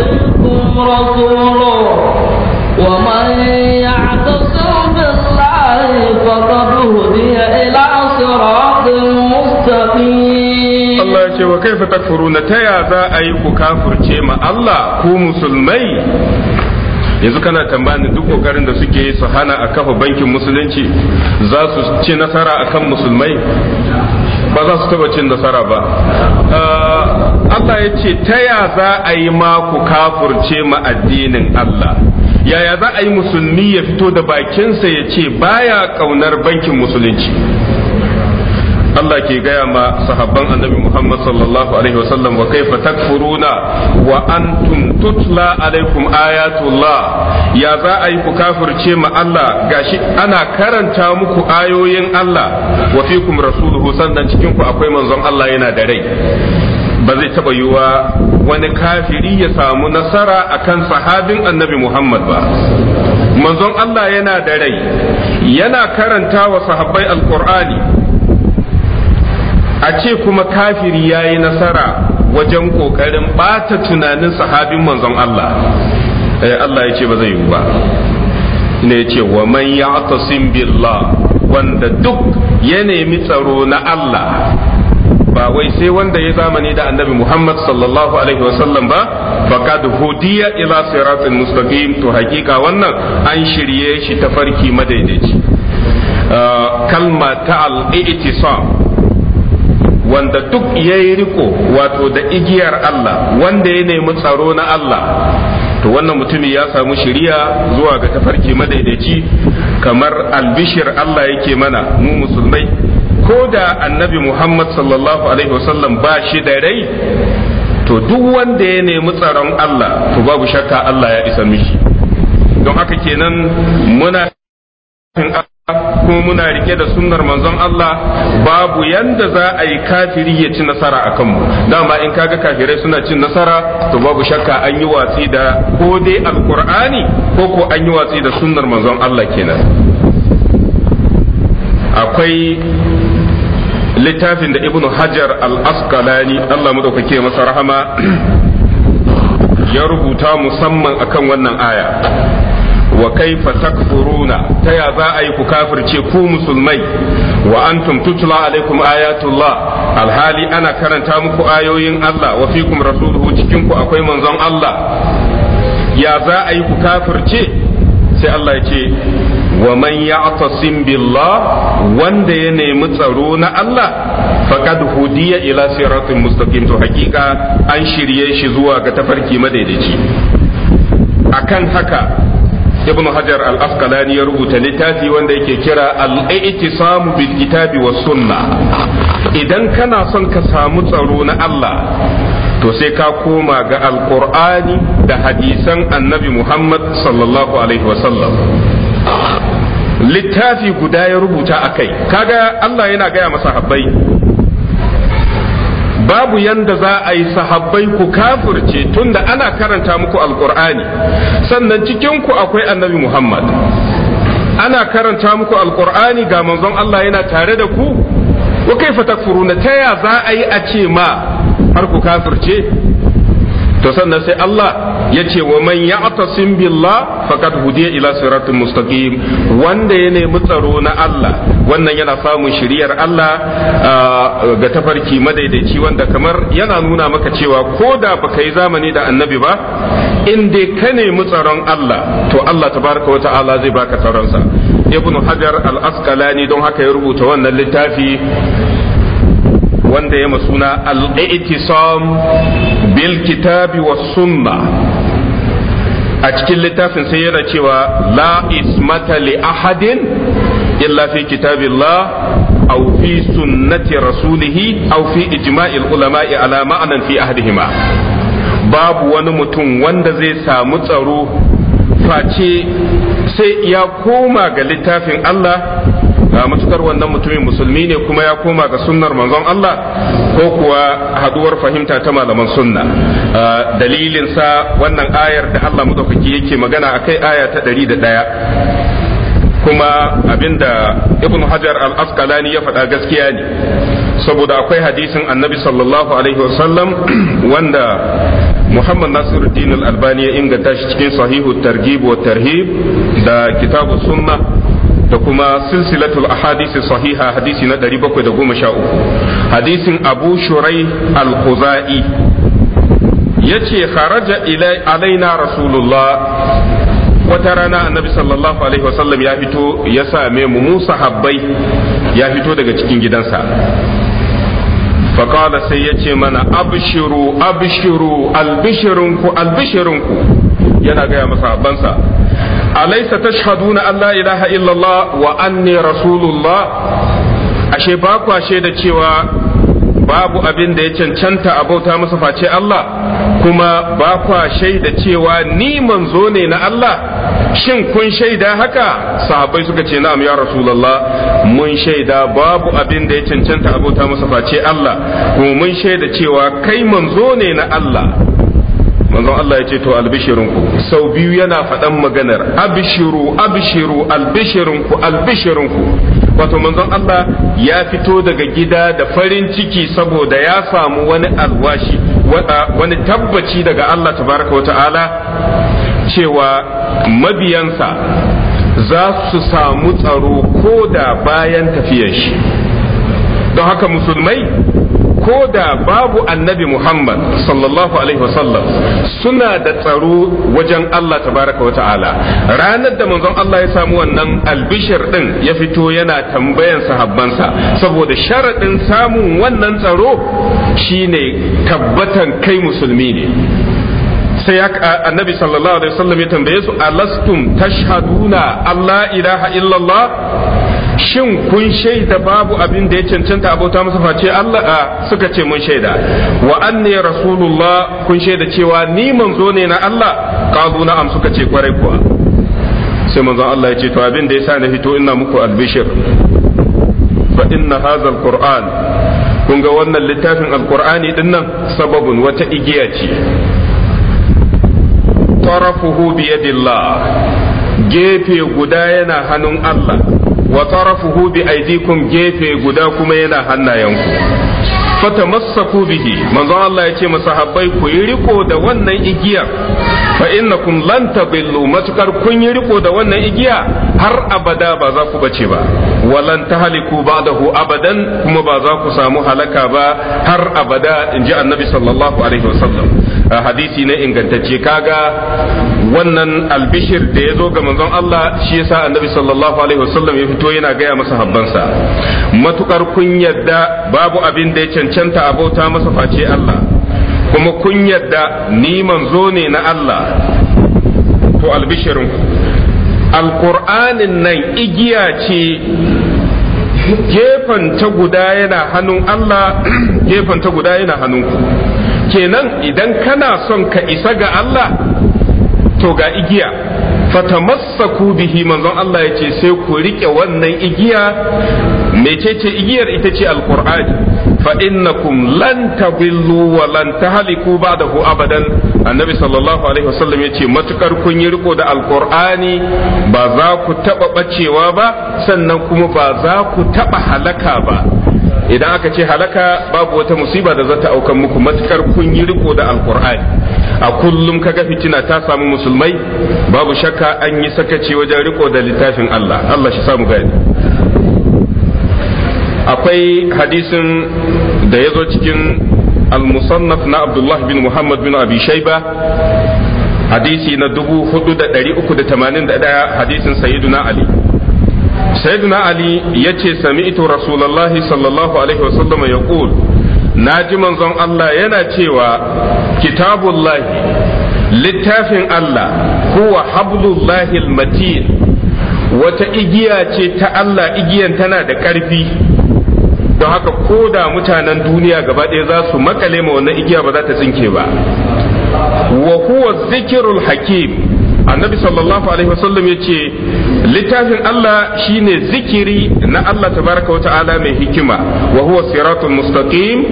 يصدكم رسوله ومن يعتصم بالله فقد هدي إلى صراط مستقيم الله يقول وكيف تكفرون تيا ذا أيك كافر ما الله كو مسلمي yanzu kana tambayin duk kokarin da suke yi su hana a kafa bankin musulunci za su ci nasara akan musulmai ba za su taba cin nasara ba eh, Allah ya ce ta ya za a yi maku kafurce ma addinin Allah yaya za a yi musulmi ya fito da bakinsa ya ce baya kaunar bankin musulunci Allah ke gaya ma sahabban annabi Muhammad sallallahu alaihi wasallam wa kaifa takfuruna wa antum tutla alaikum ayatullah ya za a yi ku kafirce ma Allah gashi ana karanta muku ayoyin Allah wa fikum rasuluhu sannan cikin ku akwai manzon Allah yana da rai ba zai taɓa yiwa wani kafiri ya samu nasara akan sahabin annabi Muhammad ba manzon Allah yana da rai yana karanta wa sahabbai alkur'ani a ce kuma kafiri ya yi nasara wajen ƙoƙarin ɓata tunanin sahabin manzon Allah eh, Allah ya ce ba zai yiwu ba ne ce wa man ya'tasim billah wanda duk ya nemi tsaro na Allah ba wai sai wanda ya zamani da annabi Muhammad sallallahu alaihi wasallam ba da hudiya ila siratin mustaqim to hakika wannan an shirye shi ta farki madaidaici eh, kalma ta al wanda duk ya yi riko wato da igiyar Allah wanda ya nemi tsaro na Allah to wannan mutumi ya samu shiriya zuwa ga tafarki madaidaici kamar albishir Allah yake mana mu musulmai ko da annabi Muhammad sallallahu alaihi wasallam ba shi da rai to duk wanda ya nemi tsaron Allah to babu shakka Allah ya isa mishi don haka kenan muna kuma muna rike da sunnar manzon Allah babu yanda za a yi kafiri ya ci nasara a kanmu dama in kaga kafirai suna cin nasara to babu shakka an yi watsi da ko dai alqur'ani ko ko an yi watsi da sunnar manzon Allah kenan akwai littafin da ibnu hajar al-asqalani Allah dauke masa rahama ya rubuta musamman akan wannan aya wa kaifa takfuruna ta ya za a yi ku kafirce ku musulmai wa antum tutla alaikum ayatullah alhali ana karanta muku ayoyin Allah wa fikum rasuluhu cikin ku akwai manzon Allah ya za a yi ku kafirce sai Allah ya ce wa man ya'tasim billah wanda ya nemi tsaro na Allah faqad hudiya ila siratin mustaqim to hakika an shirye shi zuwa ga tafarki madaidaici akan haka ibn hajar al-asqalani ya rubuta littafi wanda yake kira al-i'tisamu bil kitabi sunna idan kana son ka samu tsaro na Allah to sai ka koma ga Alkur'ani da hadisan annabi Muhammad sallallahu alaihi wasallam littafi guda ya rubuta a akai kaga Allah yana gaya ma habbai babu yanda za a yi sahabbai ku kafirce tunda ana karanta muku alkur'ani sannan cikin ku akwai annabi muhammad ana karanta muku alkur'ani ga manzon allah yana tare da ku wa fa takfuruna ta ya za a yi a ce ma har ku kafirce to sannan sai Allah ya ce wa man ya'tasim billah faqad hudiya ila siratun mustaqim wanda ya nemi tsaro na Allah wannan yana samun shiriyar Allah ga tafarki madaidaici wanda kamar yana nuna maka cewa ko da baka yi zamani da annabi ba in dai ka nemi tsaron Allah to Allah tabaraka wa ta'ala zai baka tsaronsa ibnu hajar al-asqalani don haka ya rubuta wannan littafi wanda ya masuna al’i’itisom bil kitabi wa sunna a cikin littafin sai yana cewa la ismata li ahadin illa fi kitabillah aw fi sunnati rasulihi aw fi ijma'il ulama'i ala ma'anan fi ahadihima babu wani mutum wanda zai samu tsaro face sai ya koma ga littafin Allah matukar wannan mutumin musulmi ne kuma ya koma ga sunnar manzon Allah ko kuwa haduwar fahimta ta malaman sunna dalilin sa wannan ayar da Allah madaukaki yake magana akai aya ta ɗari da ɗaya kuma abinda ibn hajar al-asqalani ya faɗa gaskiya ne saboda akwai hadisin annabi sallallahu alaihi wasallam wanda muhammad nasiruddin al-albani ya inganta shi cikin sahihu targhib wa tarhib da kitabu sunna da kuma silsilatul ahadisi sahiha hadisi na 713 hadisin abu shurai al-khuzai yace kharaja ilai alaina rasulullah wata rana annabi sallallahu alaihi wasallam ya fito ya same mu mu sahabbai ya fito daga cikin gidansa faƙala sai ya ce mana abshiru abshiru albishirinku albishirinku yana gaya masa bansa alaysa tashhaduna na la ilaha illallah wa anni rasulullah ashe ba kwa da cewa babu abin da ya cancanta a bauta masa face Allah kuma ba kwa shaida cewa ni manzo ne na Allah shin kun shaida haka sahabbai suka ce na'am ya rasulullah mun shaida babu abin da ya cancanta a bauta masa face Allah kuma mun shaida cewa kai manzo ne na Allah manzon Allah ya ce to albishirinku sau biyu yana faɗan maganar abishiru abishiru albishirinku albishirinku wato manzon Allah ya fito daga gida da farin ciki saboda ya samu wani alwashi wani tabbaci daga Allah tabaraka wa ta'ala cewa mabiyansa za su samu tsaro ko da bayan tafiyar shi don haka musulmai ko da babu annabi Muhammad sallallahu alaihi wasallam suna da tsaro wajen Allah tabaraka wa ta'ala ranar da manzon Allah ya samu wannan albishir din ya fito yana tambayan sahabbansa saboda sharaɗin samun wannan tsaro shine tabbatan kai musulmi ne sai annabi sallallahu alaihi wasallam ya tambaye su alastum tashhaduna Allah ilaha illallah shin kun shaida babu abin da ya cancanta abota masa face Allah a suka ce mun shaida wa anni rasulullah kun shaida cewa ni manzo ne na Allah qalu am suka ce kwarai kuwa sai manzo Allah ya ce to abin da yasa na fito ina muku albishir fa inna hadha alquran kun ga wannan littafin alqur'ani din nan sababun wata igiya ce tarafuhu biyadillah gefe guda yana hannun Allah wa tarafuhu bi aidikum gefe guda kuma yana hannayenku fatamassaku bihi manzo Allah yace masahabbai ku yi riko da wannan igiya fa innakum lan tadillu matukar kun yi riko da wannan igiya har abada ba za ku bace ba walan tahliku ba'dahu abadan kuma ba za ku samu halaka ba har abada inji annabi sallallahu alaihi wasallam hadisi ne ingantacce kaga wannan albishir da ya zo ga manzon Allah shi yasa annabi sallallahu alaihi wasallam ya fito yana gaya masa habbansa matukar kun yadda babu abin da ya cancanta abota masa face Allah kuma kun yadda ni manzo ne na Allah to albishirin alqur'anin nan igiya ce gefen ta guda yana hannun Allah gefen ta guda yana hannunku kenan idan kana son ka isa ga Allah to ga igiya fatamassaku bihi manzon Allah yace sai ku rike wannan igiya mecece igiyar ita ce alqur'ani fa innakum lan tadillu wa lan tahliku ba'dahu abadan annabi sallallahu alaihi wasallam ya ce matukar kun yi riko da alqur'ani ba za ku taba bacewa ba sannan kuma ba za ku taba halaka ba idan aka ce halaka babu wata musiba da za ta aukan muku matukar kun yi riko da alqur'ani a kullum kaga fitina ta samu musulmai babu shakka an yi sakaci wajen riko da littafin Allah Allah shi samu gani akwai hadisin da ya zo cikin al-musannaf na Abdullah bin Muhammad bin Abi Shayba hadisi na dubu 4381 hadisin sayyiduna Ali sayyiduna Ali yace sami'tu rasulullahi sallallahu alaihi wasallam yaqul na ji manzon Allah yana cewa kitabullahi littafin Allah huwa hablullahi matin wata igiya ce ta Allah igiyan tana da ƙarfi don haka ko da mutanen duniya gaba ɗaya za su makale ma wannan igiya ba za ta tsinke ba wa huwa zikirul hakim annabi sallallahu alaihi wasallam ya ce littafin Allah shine zikiri na Allah tabaraka wa ta'ala mai hikima wa huwa siratul mustaqim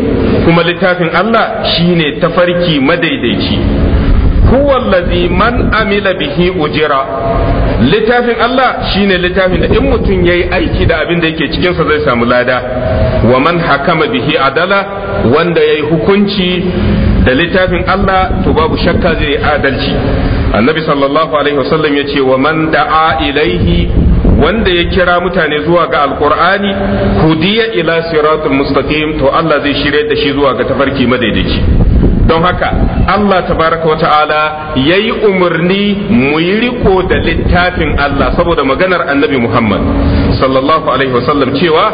kuma littafin Allah shine tafarki madaidaici huwa allazi man amila bihi ujira littafin Allah shine littafin da in mutum yayi aiki da abin da yake cikin sa zai samu lada wa man hakama bihi adala wanda yayi hukunci da littafin Allah to babu shakka zai adalci annabi sallallahu alaihi wasallam ya ce wa man ilaihi wanda ya kira mutane zuwa ga alqur'ani hudiya ila siratul mustaqim to Allah zai shirye da shi zuwa ga tafarki madaidaici don haka Allah tabaraka wa ta'ala ya yi umarni mu yi riko da littafin Allah saboda maganar annabi Muhammad sallallahu alaihi wasallam cewa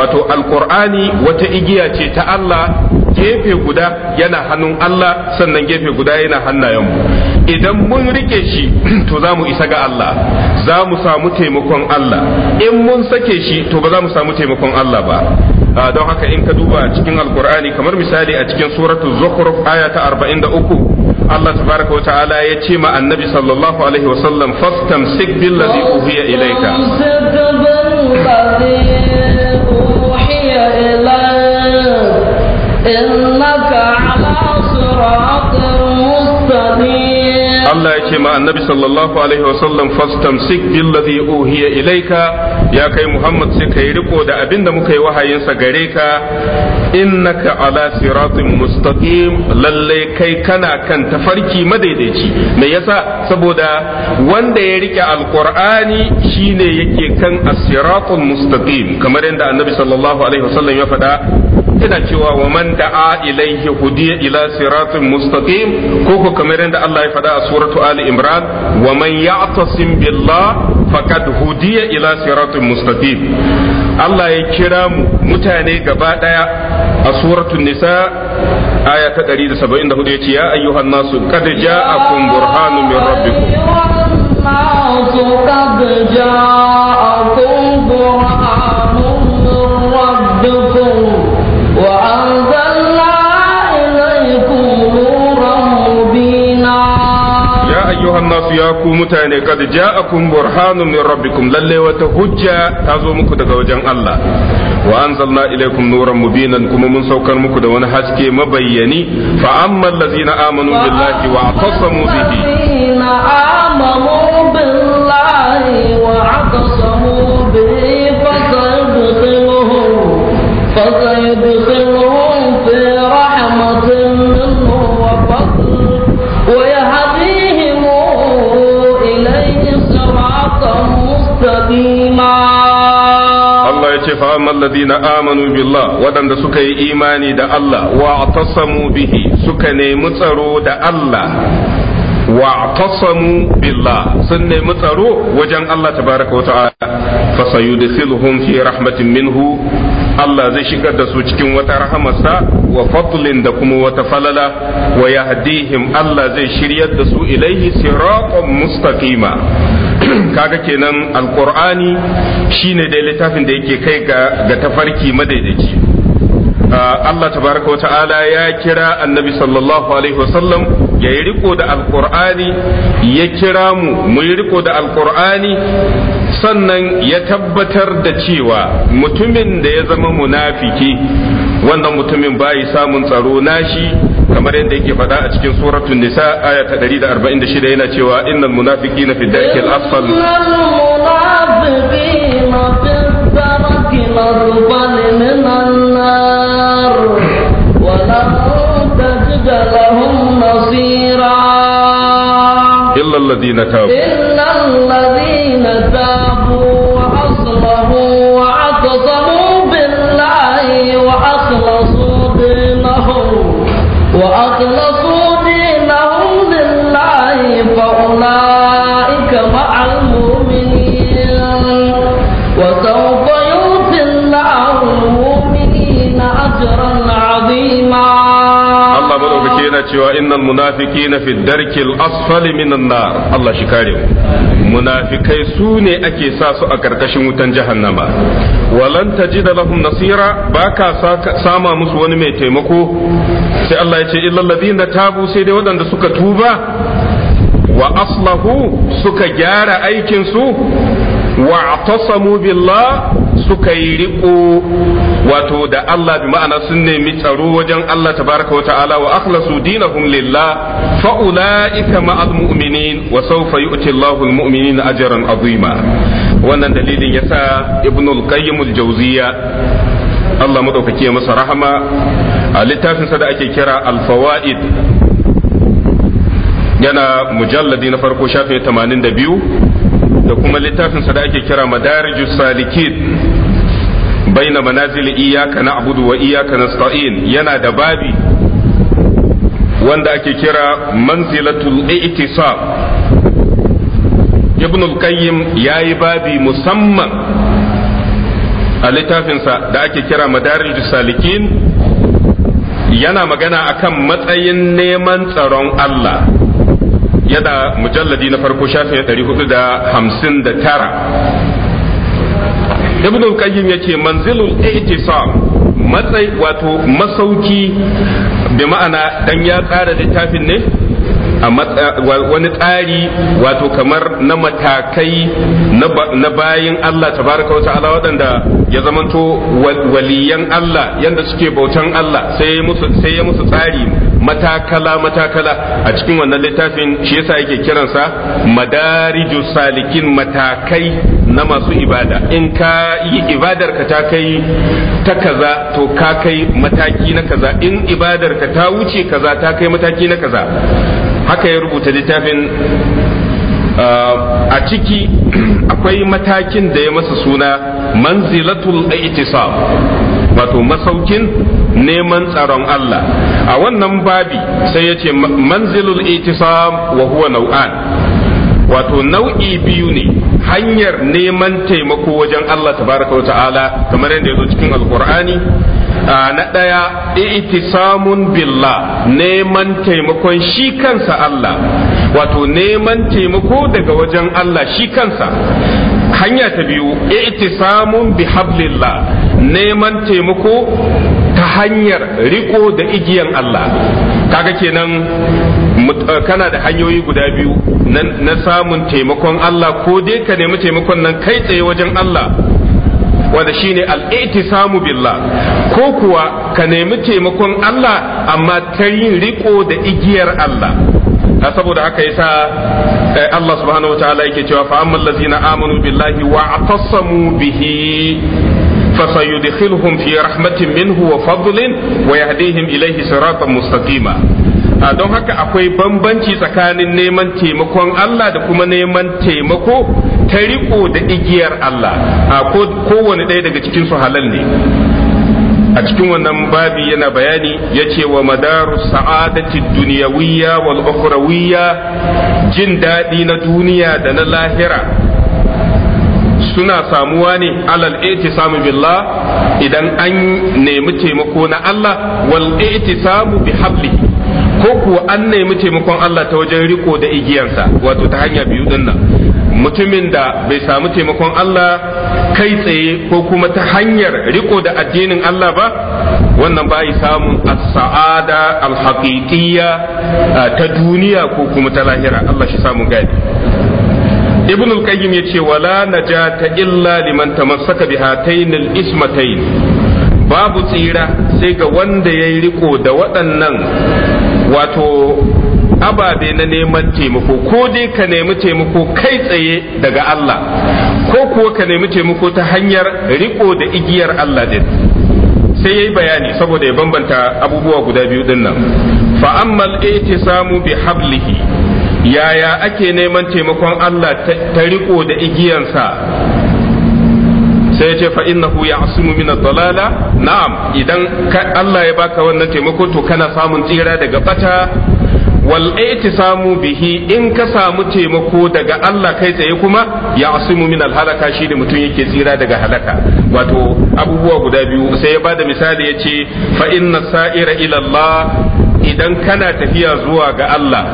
wato alkur'ani wata igiya ce ta Allah gefe guda yana hannun Allah sannan gefe guda yana hannayenmu idan mun rike shi to za mu isa ga Allah za mu samu taimakon Allah in mun sake shi to ba za mu samu taimakon Allah ba ah, don haka in ka duba cikin alkur'ani kamar misali a cikin suratul zukhruf aya ta 43 Allah tabaraka wa ta'ala ya ce ma annabi sallallahu alaihi wasallam fastamsik billazi uhiya ilayka ilayka Allah ya ce ma annabi sallallahu alaihi wasallam fastam sik billazi uhiya ilayka ya kai Muhammad sai kai riko da abinda muka yi wahayinsa sa gare ka innaka ala siratin mustaqim lalle kai kana kan tafarki madaidaici me yasa saboda wanda ya rike alqur'ani shine yake kan as-siratul mustaqim kamar yadda annabi sallallahu alaihi wasallam ya faɗa yana cewa wa man da'a ilaihi hudiya ila siratin mustaqim ko ko kamar yadda Allah ya faɗa a suratu Ali Imran wa man ya'tasim billah faqad hudiya ila siratin mustaqim Allah ya kira mu mutane gaba daya a suratul nisa aya ta 174 yace ya ayyuhan nasu qad ja'akum burhanun min rabbikum الناس يا كومتاني قد جاءكم برهان من ربكم للي وتهجى تازو مكودة وجن الله وأنزلنا إليكم نورا مبينا كما من سوكا مكودة ونهجك مبيني فأما الذين آمنوا بالله واعتصموا به الذين آمنوا بالله واعتصموا به فسيدخلهم فسيدخلهم ce fa amman amanu billah waɗanda suka yi imani da Allah wa tasamu bihi suka nemi tsaro da Allah wa tasamu billah sun nemi tsaro wajen Allah tabaraka wa ta'ala fa minhu Allah zai shigar da cikin wata rahamarsa wa fadlin da kuma wata falala Allah zai shiryar ilaihi kaga kenan alqur'ani shine da littafin da yake kai ga tafarki madaidaici ah, Allah tabaraka wa ta'ala ya kira annabi sallallahu alaihi wasallam ya yi riko da alkur'ani ya kira mu mu yi riko da alkur'ani sannan ya tabbatar da cewa mutumin da ya zama munafiki wannan mutumin bayi samun tsaro nashi kamar yadda yake faɗa a cikin suratul nisa aya ta 146 yana cewa innal munafiqina fi darkil asfal إلا الذين تابوا إلا الذين تابوا cewa innal munafiki fi darkil asfali minan nar Allah shi kare mu munafikai su ne ake sa su a karkashin wutan jahannama walan tajida lahum nasira baka sama musu wani mai taimako sai Allah ya ce illal ladina tabu sai dai waɗanda suka tuba wa aslahu suka gyara aikin su wa atasamu billah suka yi riko wato da Allah bi ma'ana sun nemi tsaro wajen Allah tabaraka wa ta'ala wa akhlasu dinahum lillah fa ulaika ma'al mu'minin wa sawfa yu'ti Allahu al mu'minina ajran azima wannan dalilin yasa ibnu al-qayyim al-jawziya Allah madaukake ya masa rahama a littafinsa da ake kira al-fawaid yana mujalladi na farko shafi 82 da kuma littafinsa da ake kira madarijus salikin baina manazil iyyaka na'budu wa iyyaka nasta'in yana da babi wanda ake kira manzilatul i'tisab ibn al-qayyim yayi babi musamman a littafinsa da ake kira madarijus salikin yana magana akan matsayin neman tsaron Allah yana mujalladi na farko hamsin da tara. ibn al-qayyim yace manzilul i'tisam matsayi wato masauki bi ma'ana dan ya tsara littafin ne wani tsari wato kamar na matakai na bayin Allah ta tabaraka wata ala waɗanda ya zamanto waliyan Allah yadda suke bautan Allah sai ya musu tsari matakala matakala a cikin wannan littafin shi yasa yake kiransa madariju salikin matakai na masu ibada in ka yi ibadar ka ta kai ta kaza to ka kai mataki na kaza in ibadar ka ta wuce kaza ta kai mataki na kaza haka ya rubuta littafin uh, a ciki akwai matakin da ya masa suna manzilatul itisab wato masaukin neman tsaron Allah a wannan babi sai ya ce manzilul itisab wa huwa nau'an wato nau'i biyu ne hanyar neman taimako wajen Allah tabaraka wa ta'ala kamar yadda ya zo cikin alkur'ani na ɗaya i'tisamun billah neman taimakon shi kansa Allah wato neman taimako daga wajen Allah shi kansa hanya ta biyu i'tisamun bihablillah neman taimako ta hanyar riko da igiyan Allah kaga kenan eh, kana da hanyoyi guda biyu na samun taimakon Allah ko dai ka nemi taimakon nan kai tsaye wajen Allah wanda shine al-i'tisamu billah ko kuwa ka nemi taimakon Allah amma ta yin riko da igiyar Allah saboda haka yasa eh, Allah subhanahu wataala yake cewa fa amman lazina amanu billahi wa atasamu bihi fi فسيدخلهم في رحمة منه وفضل ويهديهم إليه صراطا مستقيما A don haka akwai bambanci tsakanin neman taimakon Allah da kuma neman taimako ta riko da igiyar Allah kowane ɗaya daga cikin su halal ne a cikin wannan babi yana bayani ya ce wa madaru sa'adati duniyawiyya wal ukhrawiyya jin daɗi na duniya da na lahira suna samuwa ne alal samu billah idan an nemi taimako na Allah wal samu bi ko kuwa an nemi taimakon Allah ta wajen riko da igiyansa wato ta hanya biyu din nan mutumin da bai samu taimakon Allah kai tsaye ko kuma ta hanyar riko da addinin Allah ba wannan bai samun as-sa'ada al-haqiqiyya ta duniya ko kuma ta lahira Allah shi samu gadi ibn al-qayyim yace wala najata illa liman tamassaka bi hatayn al babu tsira sai ga wanda yayi riko da waɗannan wato ababe na neman taimako ko dai ka nemi taimako kai tsaye daga Allah ko kuwa ka nemi taimako ta hanyar riko da igiyar Allah din sai yayi bayani saboda ya bambanta abubuwa guda biyu din nan fa ammal itisamu bi hablihi yaya ake neman taimakon Allah ta riko da igiyansa sai ya ce fa innahu ya'simu min ad-dalala na'am idan Allah ya baka wannan taimako to kana samun tsira daga bata wal samu bihi in ka samu taimako daga Allah kai tsaye kuma ya asimu min alhalaka shi da mutum yake tsira daga halaka wato abubuwa guda biyu sai ya bada misali ya ce fa inna sa'ira ila Allah idan kana tafiya zuwa ga Allah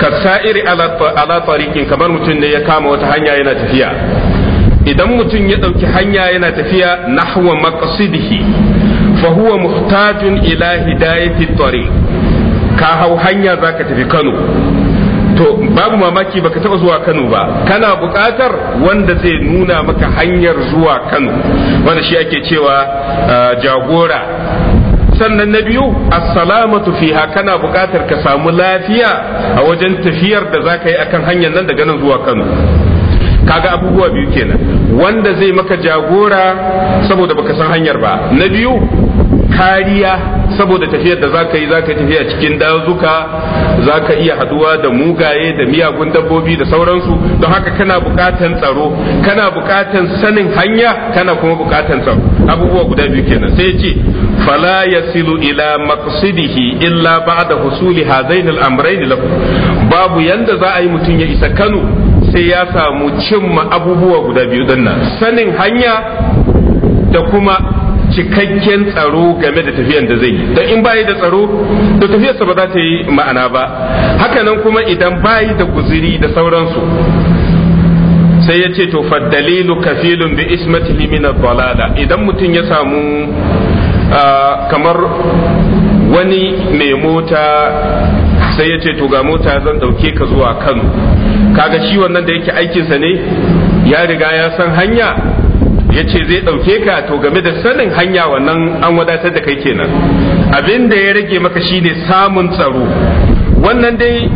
ka sa'iri ala tariqin kamar mutum ne ya kama wata hanya yana tafiya idan mutum ya ɗauki hanya yana tafiya nahwa maqsidihi fa huwa muhtajun ila hidayati tariq ka hau hanya zaka tafi Kano to babu mamaki baka taɓa zuwa Kano ba kana buƙatar wanda zai nuna maka hanyar zuwa Kano wanda shi ake cewa ah, jagora sannan na biyu assalamatu fiha kana buƙatar ka samu lafiya a wajen tafiyar da zaka yi akan hanyar nan daga nan zuwa Kano kaga abubuwa biyu kenan wanda zai maka jagora saboda baka san hanyar ba na biyu kariya saboda tafiyar da zaka yi zaka tafiya cikin dazuka zaka iya haduwa da mugaye da miyagun dabbobi da sauransu don haka kana bukatan tsaro kana bukatan sanin hanya kana kuma bukatan tsaro abubuwa guda biyu kenan sai ce fala yasilu ila maqsidihi illa ba'da husuli hadain al-amrayn babu yanda za a yi mutum ya isa Kano sai ya samu cimma abubuwa guda biyu din nan sanin hanya da kuma cikakken tsaro game da tafiyan da zai yi don in bayi da tsaro to tafiyarsa ba za ta yi ma'ana ba hakanan kuma idan bayi da guziri da sauransu sai ya ce to faddalilu kafilun bi ismatihi min dalala idan mutum ya samu ah, kamar wani mai mota sai ya ce to ga mota zan ɗauke ka zuwa kano kaga shi wannan da yake aikinsa ne ya riga ya san hanya ya ce zai ɗauke ka to game da sanin hanya wannan an wadatar da kai kenan abin da ya rage maka shine samun tsaro wannan dai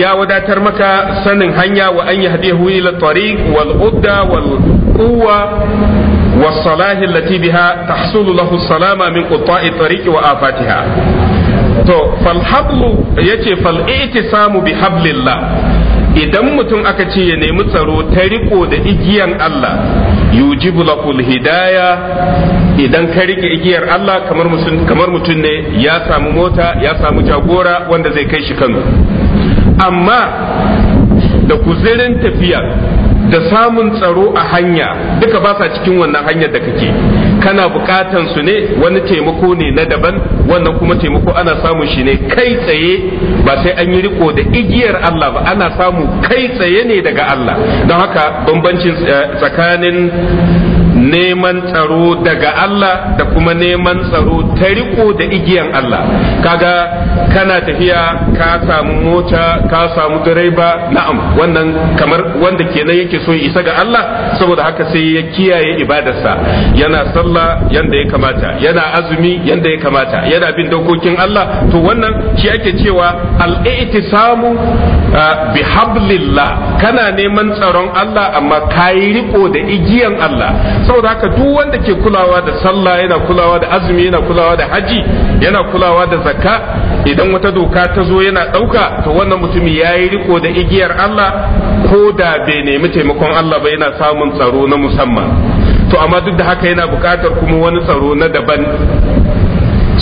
ya wadatar maka sanin hanya wa an yi hadihu ila tariq wal udda wal quwwa والصلاح التي بها تحصل له السلامة من قطاع الطريق وآفاتها to falhablu yace samu bi hablillah idan mutum aka ce ya nemi tsaro ta riko da igiyan Allah yujibu lakul hidaya idan ka rike igiyar Allah kamar mutum kamar mutum ne ya samu mota ya samu jagora wanda zai kai shi Kano amma da kuzirin tafiya da samun tsaro a hanya duka ba sa cikin wannan hanyar da kake kana bukatan su ne wani taimako ne na daban wannan kuma taimako ana samun shi ne kai tsaye ba sai an yi riko da igiyar Allah ba ana samu kai tsaye ne daga Allah don haka bambancin eh, tsakanin neman tsaro daga Allah da kuma neman tsaro ta riko da igiyan Allah kaga kana tafiya ka samu mota ka samu direba na'am wannan kamar wanda kenan yake so isa ga Allah saboda haka sai ya kiyaye ibadarsa yana sallah yanda ya kamata yana azumi yanda ya kamata yana bin dokokin Allah to wannan shi ake cewa al-i'tisamu bi hablillah kana neman tsaron Allah amma kayi riko da igiyan Allah saboda haka duk wanda ke kulawa da sallah yana kulawa da azumi yana kulawa da haji yana kulawa da zakka idan wata doka ta zo yana ɗauka to wannan mutumi ya yi riko da igiyar Allah ko da bai nemi taimakon Allah ba yana samun tsaro na musamman to amma duk da haka yana buƙatar kuma wani tsaro na daban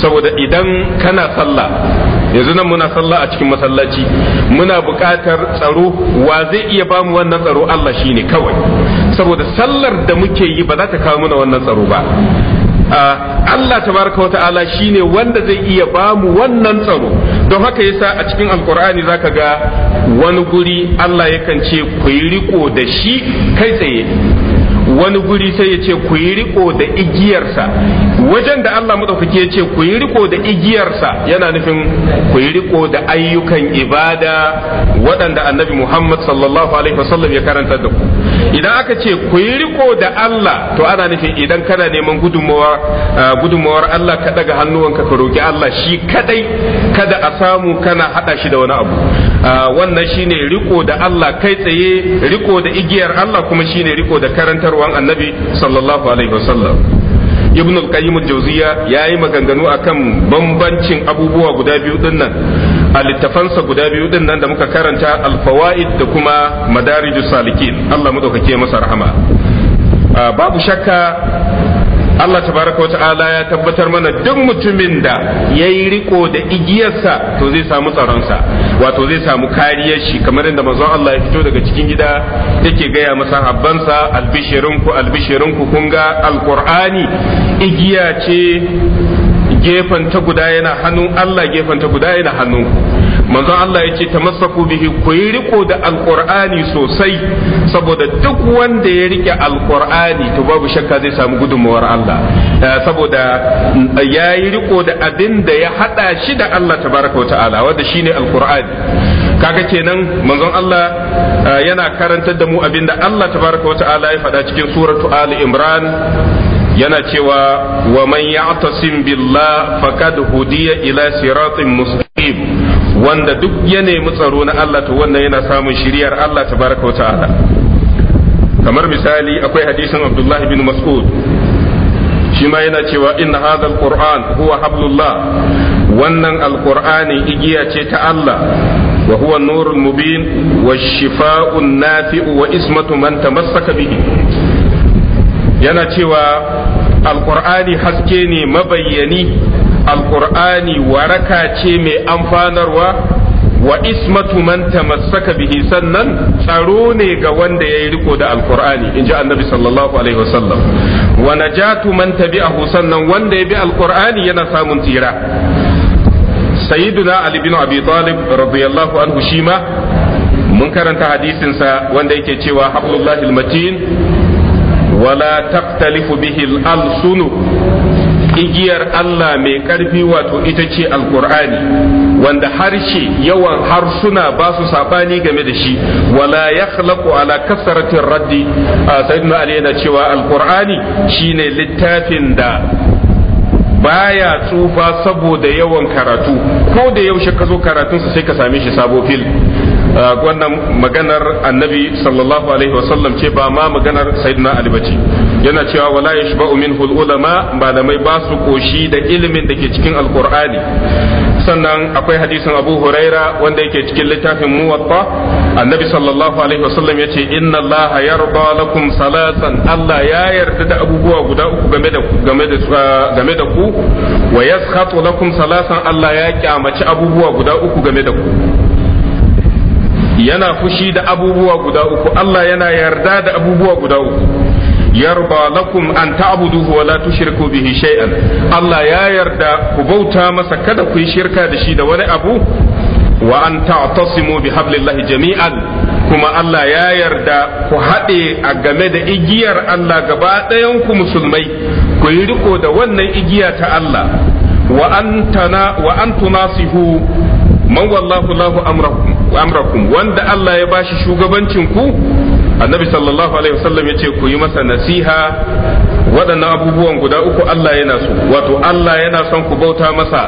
saboda idan kana sallah yanzu nan muna sallah a cikin masallaci muna buƙatar tsaro wa zai iya bamu wannan tsaro Allah shine kawai saboda sallar da muke yi ba za ta kawo mana wannan tsaro ba ah, Allah tabaraka wa ta'ala shine wanda zai iya ba mu wannan tsaro don haka yasa a cikin alkur'ani zaka ga wani guri Allah yakan ce ku yi riko da shi kai tsaye wani guri sai yace ce ku yi riko da igiyarsa wajen da Allah madaukake ya ce ku yi riko da igiyarsa yana nufin ku yi riko da ayyukan ibada waɗanda annabi Muhammad sallallahu alaihi wasallam ya karanta da ku idan aka ce ku yi riko da Allah to ana nufin idan kana neman gudunmawar gudunmawar Allah ka daga hannuwanka ka roki Allah shi kadai kada a samu kana hada shi da wani abu wannan shine riko da Allah kai tsaye riko da igiyar Allah kuma shine riko da karantar karantarwan annabi sallallahu alaihi wasallam ibn al-qayyim al-jawziya yayi maganganu akan bambancin abubuwa guda biyu dinnan a littafansa guda biyu dinnan da muka karanta al-fawaid da kuma madarijus salikin Allah mu madaukake masa rahama ah, babu shakka Allah tabaraka wa ta'ala ya tabbatar mana duk mutumin da ya yi riko da igiyarsa to zai samu tsaronsa wato zai samu kariyar shi kamar yadda manzo Allah ya fito daga cikin gida take gaya masa habbansa albishirinku albishirinku kun ga alqur'ani igiya ce gefen ta guda yana hannun Allah gefen ta guda yana hannunku manzon Allah ya ce tamassaku bihi ku yi riko da Alƙur'ani sosai saboda duk wanda ya rike alkur'ani to babu shakka zai samu gudunmawar Allah eh, saboda mm, ya yi riko da abin da ya hada shi da Allah tabaraka wa ta'ala wanda shine alkur'ani kaga kenan manzon Allah eh, yana karantar da mu abinda Allah tabaraka ta'ala ya faɗa cikin suratu Ali Imran yana cewa wa man ya'tasim billah faqad hudiya ila siratin mustaqim wanda duk ya nemi tsaro na Allah to wannan yana samun shiriyar Allah tabaraka wa ta'ala kamar misali akwai hadisin Abdullah ibn Mas'ud shi ma yana cewa inna hadha alquran huwa hablullah wannan alqur'ani igiya ce ta Allah wa huwa nurul mubin wa shifa'un nafi'u wa ismatu man tamassaka bihi yana cewa alqur'ani haske ne mabayyani alqur'ani waraka ce mai amfanarwa wa ismatu man tamassaka bihi sannan tsaro ne ga wanda yayi riko da alqur'ani inji annabi sallallahu alaihi wasallam wa najatu man tabi'ahu sannan wanda ya bi alqur'ani yana samun tira sayyiduna ali bin abi talib radiyallahu anhu shima mun karanta hadisin sa wanda yake cewa hablullahi matin wala taqtalifu bihi al-alsunu igiyar Allah mai karfi wato ita ce alkur'ani wanda harshe yawan harsuna ba su saɓani game da shi wala ya ala kasaratin raddi sayyidina ali yana cewa alkur'ani shine littafin da baya tsufa saboda yawan karatu ko da yaushe ka zo karatunsa sai ka same shi sabo fil wannan maganar annabi sallallahu alaihi wasallam ce ba ma maganar sayyidina ali bace yana cewa wala yashba'u minhu ulama malamai ba su koshi da ilimin da ke cikin alqur'ani sannan akwai hadisin abu huraira wanda yake cikin littafin muwatta annabi sallallahu alaihi wasallam yace inna yarda lakum salatan allah ya yarda da abubuwa guda uku game da game da ah, game da ku wa yaskhatu lakum salatan allah ya kyamaci abubuwa guda uku game da ku yana fushi da abubuwa guda uku Allah yana yarda da abubuwa guda uku yarba lakum an ta'buduhu wa la tushriku bihi shay'an Allah ya yarda ku bauta masa kada ku shirka da shi da wani abu wa an ta'tasimu bi jami'an kuma Allah ya yarda ku haɗe a game da igiyar Allah gaba ɗayan ku musulmai ku yi riko da wannan igiya ta Allah wa an tunasihu man wallahu lahu amrakum wanda Allah ya bashi shugabancin ku annabi sallallahu alaihi wasallam ya ce ku yi masa nasiha waɗannan abubuwan guda uku Allah yana so wato Allah yana son ku bauta masa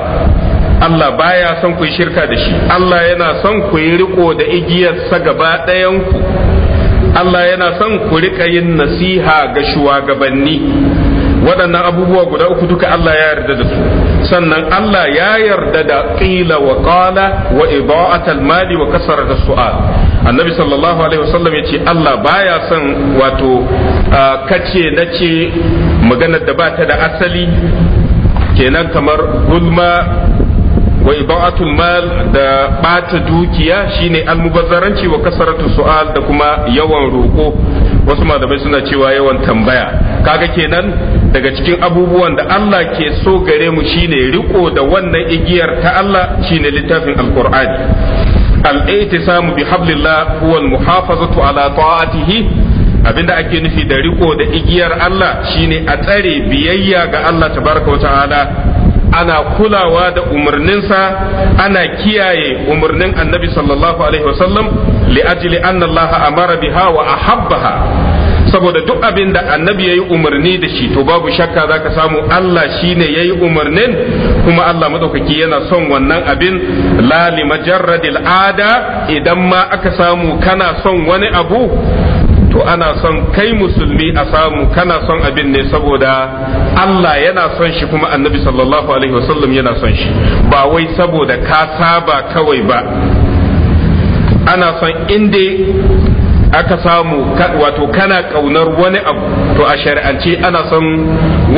Allah baya son ku yi shirka da shi Allah yana son ku yi riko da igiyarsa gaba ɗayan ku Allah yana son ku riƙa yin nasiha ga shugabanni waɗannan abubuwa guda uku duka Allah ya yarda da su sannan Allah ya yarda da ƙila wa qala wa ida'atal mali wa da su'al annabi sallallahu alaihi wasallam ya ce Allah baya son wato kace nace maganar da ba ta da asali kenan kamar gulma wa ibaatul mal da bata dukiya shine almubazzaranci wa kasaratu su'al da kuma yawan roko wasu malamai suna cewa yawan tambaya kaga kenan daga cikin abubuwan da Allah ke so gare mu shine riko da wannan igiyar ta Allah shine littafin alqur'ani al-i'tisamu bi hablillah huwa al-muhafazatu ala ta'atihi abinda ake nufi da riko da igiyar Allah shine a tsare biyayya ga Allah tabaraka wata'ala ana kulawa da umarninsa ana kiyaye umarnin annabi sallallahu alaihi wasallam li ajli anna Allah amara biha wa ahabbaha saboda duk abin da annabi ya yi umarni da shi to babu shakka za ka samu Allah shi ne ya yi umarnin kuma Allah maɗaukaki yana son wannan abin lali majarradil ada idan ma aka samu kana son wani abu to ana son kai musulmi a samu kana son abin ne saboda Allah yana son shi kuma annabi sallallahu alaihi wasallam yana son shi ba wai saboda ka saba kawai ba ana son inda aka samu wato kana kaunar wani abu to a shari'ance ana son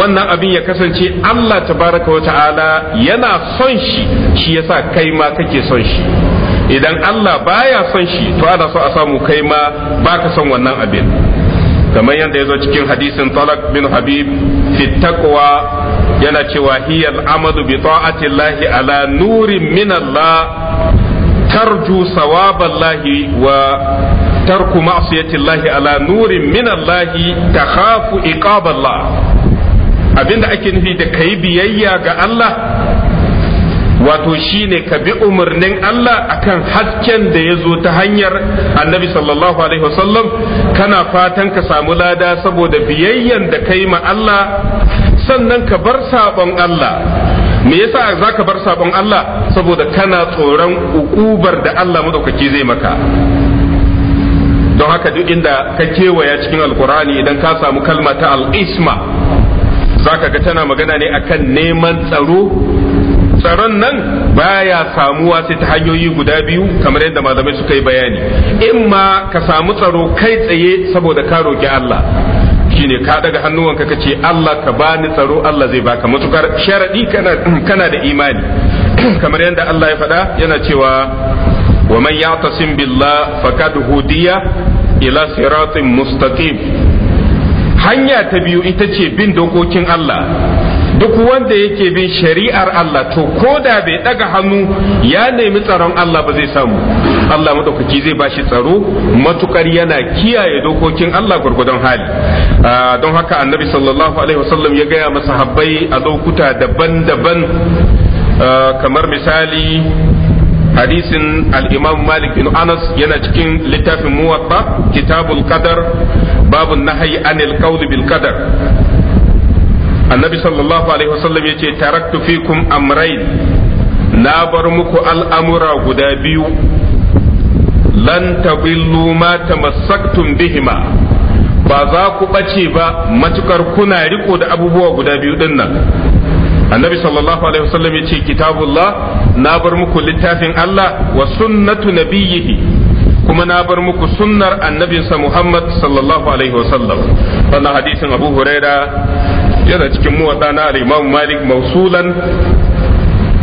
wannan abin ya kasance Allah tabaraka wa ta'ala yana son shi shi yasa kai ma kake son shi idan Allah baya son shi to ana so a samu kai ma baka son wannan abin kamar yadda ya zo cikin hadisin talak bin habib fi taqwa yana cewa hiya al'amadu bi ta'ati llahi ala nurin min Allah tarju sawaballahi wa tarku ma'siyatillahi ala nurin min Allah takhafu iqaballah abinda ake nufi da kayi biyayya ga Allah wato shine ka bi umarnin Allah akan hasken da ya zo ta hanyar annabi sallallahu alaihi wasallam kana fatan ka samu lada saboda biyayyan da kai ma Allah sannan ka bar sabon Allah me yasa zaka bar sabon Allah saboda kana tsoron ukubar da Allah madaukaki zai maka don haka duk inda ka kewaya cikin alkur'ani idan ka samu kalma ta al'isma za ka ga tana magana ne akan neman tsaro tsaron nan baya samuwa sai ta hanyoyi guda biyu kamar yadda malamai suka yi bayani in ma ka samu tsaro kai tsaye saboda ka roƙi Allah shine ka daga hannuwanka ka ce Allah ka bani tsaro Allah zai baka matukar sharadi kana kana da imani kamar yadda Allah ya faɗa yana cewa wa man ya'tasim billah faqad hudiya ila siratin mustaqim hanya ta biyu ita ce bin dokokin Allah duk wanda yake bin shari'ar Allah to ko da bai daga hannu ya nemi tsaron Allah ba zai samu Allah madaukaki zai bashi tsaro matukar yana kiyaye dokokin Allah gurgudan hali don haka annabi sallallahu alaihi wasallam ya gaya masahabbai a lokuta daban-daban kamar misali hadisin al malik bin anas yana cikin littafin muwatta kitabul qadar babu nahyi anil qawli bil annabi sallallahu alaihi wasallam yace taraktu fikum amrayn na bar muku al'amura guda biyu lan tabillu ma tamassaktum bihima ba za ku ɓace ba matukar kuna riko da abubuwa guda biyu din nan annabi sallallahu alaihi wasallam yace kitabullah na bar muku littafin Allah wa sunnatu nabiyhi kuma na bar muku sunnar annabinsa Muhammad sallallahu alaihi wasallam wannan hadisin Abu Huraira yana cikin muwadda na al-Imam Malik mausulan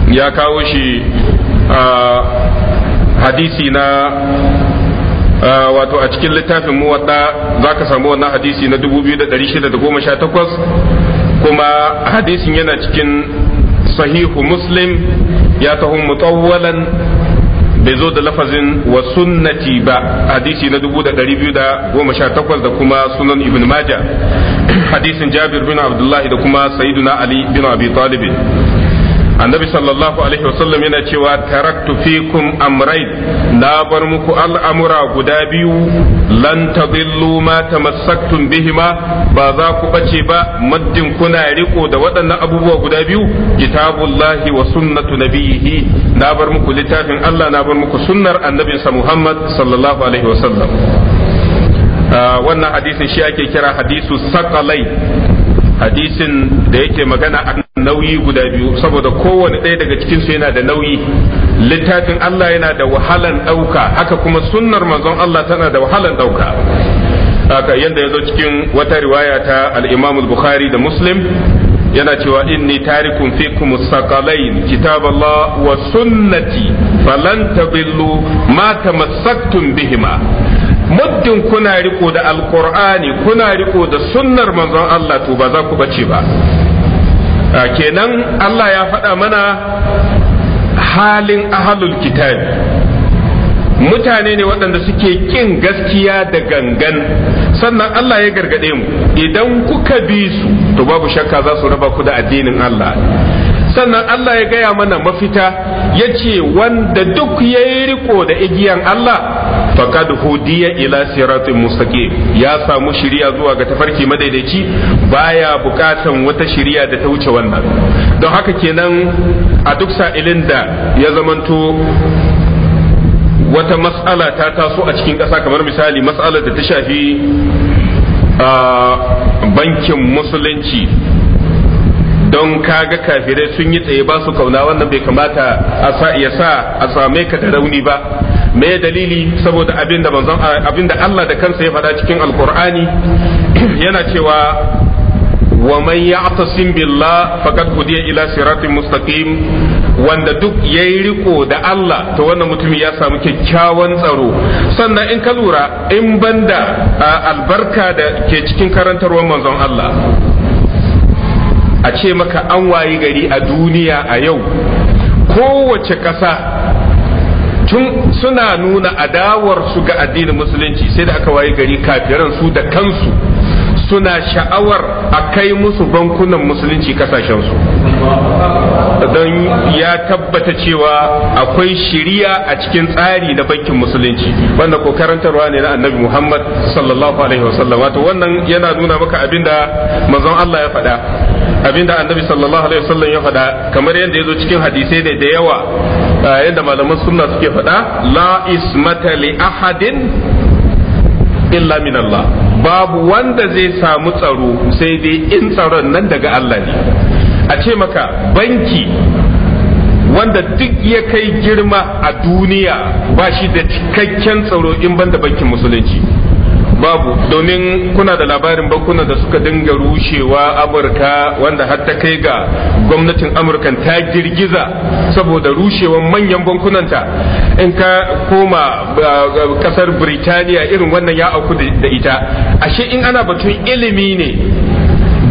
ya kawo shi hadisi na wato a cikin littafin muwadda za ka samu wannan hadisi na 2618 kuma hadisin yana cikin sahihu muslim ya taho mutawwalan bai zo da lafazin wa sunnati ba hadisi na 2218 da kuma sunan ibn maja hadisin jabir bin abdullahi da kuma sayyiduna ali bin abi talibin annabi sallallahu alaihi wasallam yana cewa taraktu fikum amrayn na bar muku al'amura guda biyu lan tadillu ma tamassaktum bihima ba za ku bace ba maddin kuna riko da waɗannan abubuwa guda biyu kitabullahi wa sunnatu nabiyhi na bar muku littafin Allah na bar muku sunnar annabinsa Muhammad sallallahu alaihi wasallam ah, wannan hadisin shi ake kira hadisu sakalai hadisin da yake magana nauyi guda biyu saboda kowane ɗaya daga cikinsu yana da nauyi littafin Allah yana da wahalan ɗauka haka kuma sunnar manzon Allah tana da wahalan ɗauka haka yadda ya zo cikin wata riwaya ta al-Imam bukhari da Muslim yana cewa inni tarikun fikum saqalain kitaballah wa sunnati falan tabillu ma tamassaktum bihima muddin kuna riko da alqur'ani kuna riko da sunnar manzon Allah to ba za ku bace ba Ah, kenan Allah ya faɗa mana halin ahalul kitabi mutane ne waɗanda suke ƙin gaskiya da gangan sannan Allah ya gargaɗe mu idan kuka bi su to babu shakka za su raba ku da addinin Allah sannan Allah ya gaya mana mafita ya ce wanda duk yayi yi riko da igiyan Allah faqad hudiya ila siratin mustaqim ya samu shiriya zuwa ga tafarki madaidaici baya bukatan wata shiriya da ta wuce wannan don haka kenan a duk sa'ilin da ya zamanto wata masala ta taso a cikin ƙasa kamar misali matsalar da ta shafi bankin musulunci don kaga kafirai sun yi tsaye ba su kauna wannan bai kamata ya sa a same ka da rauni ba me dalili saboda abin da Allah da kansa ya faɗa cikin alkur'ani yana cewa wa man ya'tasim billah faqad hudiya ila siratin mustaqim wanda duk yayi riko da Allah to wannan mutumi ya samu kyakkyawan tsaro sannan in ka lura in banda albarka da ke cikin karantarwar manzon Allah a ce maka an wayi gari a duniya a yau kowace ƙasa tun suna nuna adawarsu ga addinin musulunci sai da aka waye gari kafiran su da kansu suna sha'awar a kai musu bankunan musulunci kasashensu don ya tabbata cewa akwai shiriya a cikin tsari na bankin musulunci wanda ko karantarwa ne na annabi muhammad sallallahu alaihi wasallam wato wannan yana nuna maka abinda manzon allah ya faɗa abinda annabi sallallahu alaihi wasallam ya faɗa kamar yadda ya zo cikin hadisai da yawa yadda malaman sunna suke faɗa la ismata li ahadin illa min Allah babu wanda zai samu tsaro sai dai in tsaron nan daga Allah ne a ce maka banki wanda duk ya kai girma a duniya ba shi da cikakken tsaro in banda bankin musulunci babu domin kuna da labarin bankuna da suka dinga rushewa amurka wanda har ta kai ga gwamnatin amurkan ta girgiza saboda rushewar manyan bankunanta in ka koma uh, uh, kasar birtaniya irin wannan ya auku da ita ashe in ana batun ilimi ne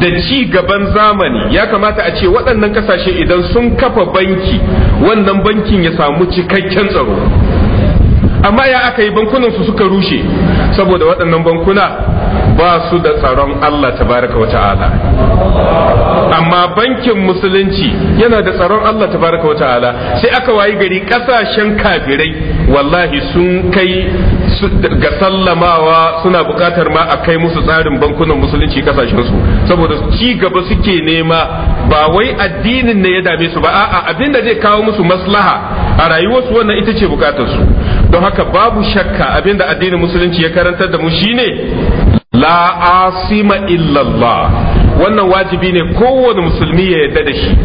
da ci gaban zamani ya kamata a ce waɗannan kasashe idan sun kafa banki wannan bankin ya samu cikakken tsaro amma ya aka yi bankunan su suka rushe saboda waɗannan bankuna ba su da tsaron Allah tabaraka wata'ala amma bankin musulunci yana da tsaron Allah tabaraka wata'ala sai aka wayi gari ƙasashen kafirai wallahi sun kai ga sallamawa suna buƙatar ma a kai musu tsarin bankunan musulunci kasashen su saboda ci gaba suke nema ba wai addinin ne ya dame su ba a'a abinda zai kawo musu maslaha a rayuwarsu wannan ita ce bukatarsu don haka babu shakka abinda addinin musulunci ya karanta da mu shine la asima illallah wannan wajibi ne kowane musulmi ya yarda da shi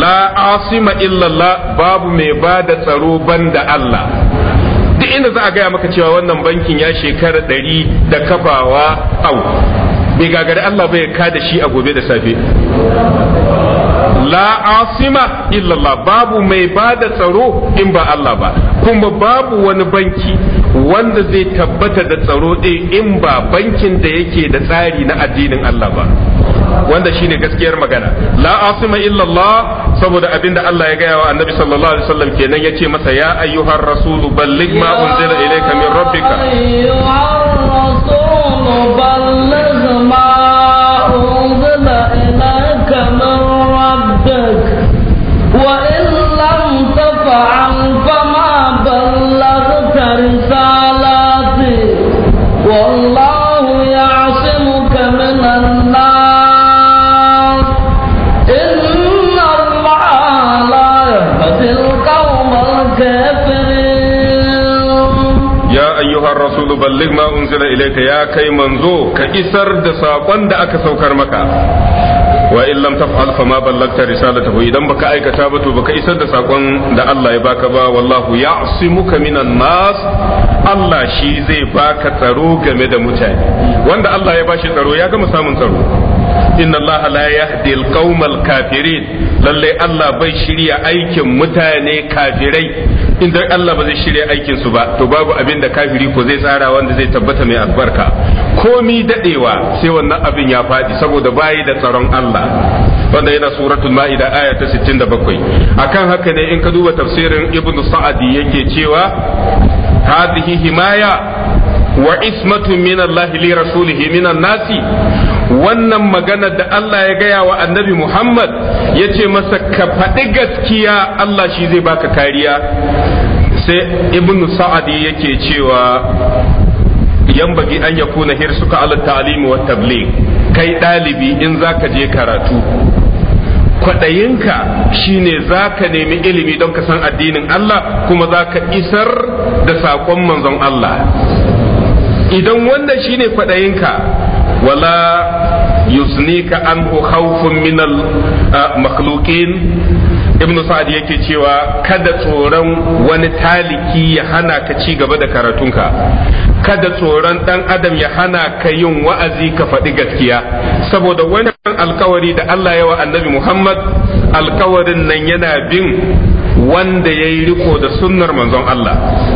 la asima illallah babu mai ba da tsaro banda Allah duk inda za a gaya maka cewa wannan bankin ya shekara ɗari da kafawa au bai gagari Allah bai ya kada shi a gobe da safe la asima illallah babu mai ba da tsaro in ba Allah ba kuma babu wani banki wanda zai tabbata da tsaro ɗin in ba bankin da yake da tsari na addinin Allah ba wanda shine gaskiyar magana la asima illallah saboda abinda Allah ya gaya wa annabi sallallahu alaihi wasallam kenan yace masa ya ayyuhar rasul balligh ma unzila ilayka min rabbika ayyuhar rasul balligh ma unzila والله يعصمك من الناس إن الله لا يهدي القوم الكافرين يا أيها الرسول بلغ ما أنزل إليك يا كي منزو كإسر دساقا دأك سوكر مكا wa in lam taf'al fa ma ballagta risalatahu idan baka aikata ba to baka isar da sakon da Allah ya baka ba wallahu ya'simuka minan nas Allah shi zai baka tsaro game da mutane wanda Allah ya bashi tsaro ya gama samun tsaro inna Allah la yahdi al kafirin lalle Allah bai shirya aikin mutane kafirai inda Allah ba zai shirya aikin su ba to babu abin da kafiri ko zai tsara wanda zai tabbata mai albarka komi daɗewa sai wannan abin ya faɗi saboda bayi da tsaron Allah wanda yana suratul ma'ida aya ta sittin da 67 akan haka ne in ka duba tafsirin ibnu sa'adi yake cewa hadhihi himaya wa ismatun min Allah li rasulihi min nasi wannan magana da Allah ya gaya wa annabi Muhammad ya ce masa ka faɗi gaskiya Allah shi zai baka kariya sai ibn sa'adi yake cewa yambagi an yakuna suka ala ta'limi wa tabligh kai ɗalibi in zaka je karatu kwaɗayinka shine zaka nemi ilimi don ka san addinin Allah kuma zaka isar da sakon manzon Allah idan wannan shine kwaɗayinka wala yusnika anhu khawfun min al makhluqin ibnu sa'ad yake cewa kada tsoron wani taliki ya hana ka ci gaba da karatunka kada tsoron dan adam ya hana ka yin wa'azi ka faɗi gaskiya saboda wannan alkawari da Allah ya wa annabi Muhammad alkawarin nan yana bin wanda ya yi riko da sunnar manzon Allah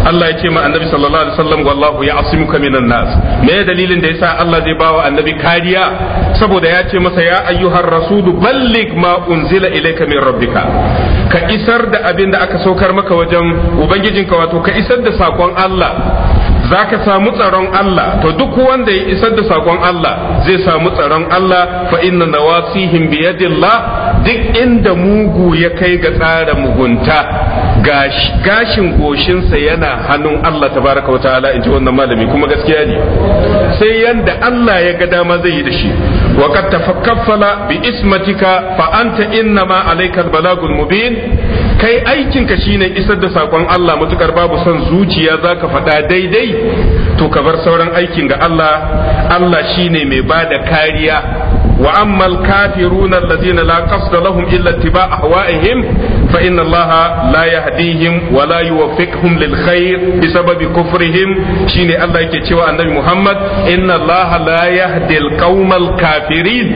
Allah ya ce ma annabi sallallahu alaihi wasallam wallahu ya'simuka minan nas me dalilin da yasa Allah zai bawa annabi kariya saboda ya ce masa ya ayyuhar rasulu ballig ma unzila ilayka min rabbika ka isar da abin da aka saukar maka wajen ubangijinka wato ka isar da sakon Allah za ka samu tsaron Allah to duk wanda ya isar da sakon Allah zai samu tsaron Allah fa inna nawasihim biyadillah duk inda mugu ya kai ga tsara mugunta gashin goshinsa yana hannun Allah tabaraka wa ta'ala in ji wannan malami kuma gaskiya ne sai yanda Allah ya ga dama zai yi da shi wa qad tafakkafala bi ismatika fa anta innama alaykal balagul mubin kai aikin ka shine isar da sakon Allah mutukar babu son zuciya zaka faɗa daidai to ka bar sauran aikin ga Allah Allah shine mai bada kariya wa ammal kafiruna lazina la qasda lahum illa ittiba ahwa'ihim fa inna allaha la yahdihim wa la yuwaffiqhum lil khair bisababi shine Allah ake cewa annabi Muhammad inna allaha la yahdi al qaumal kafirin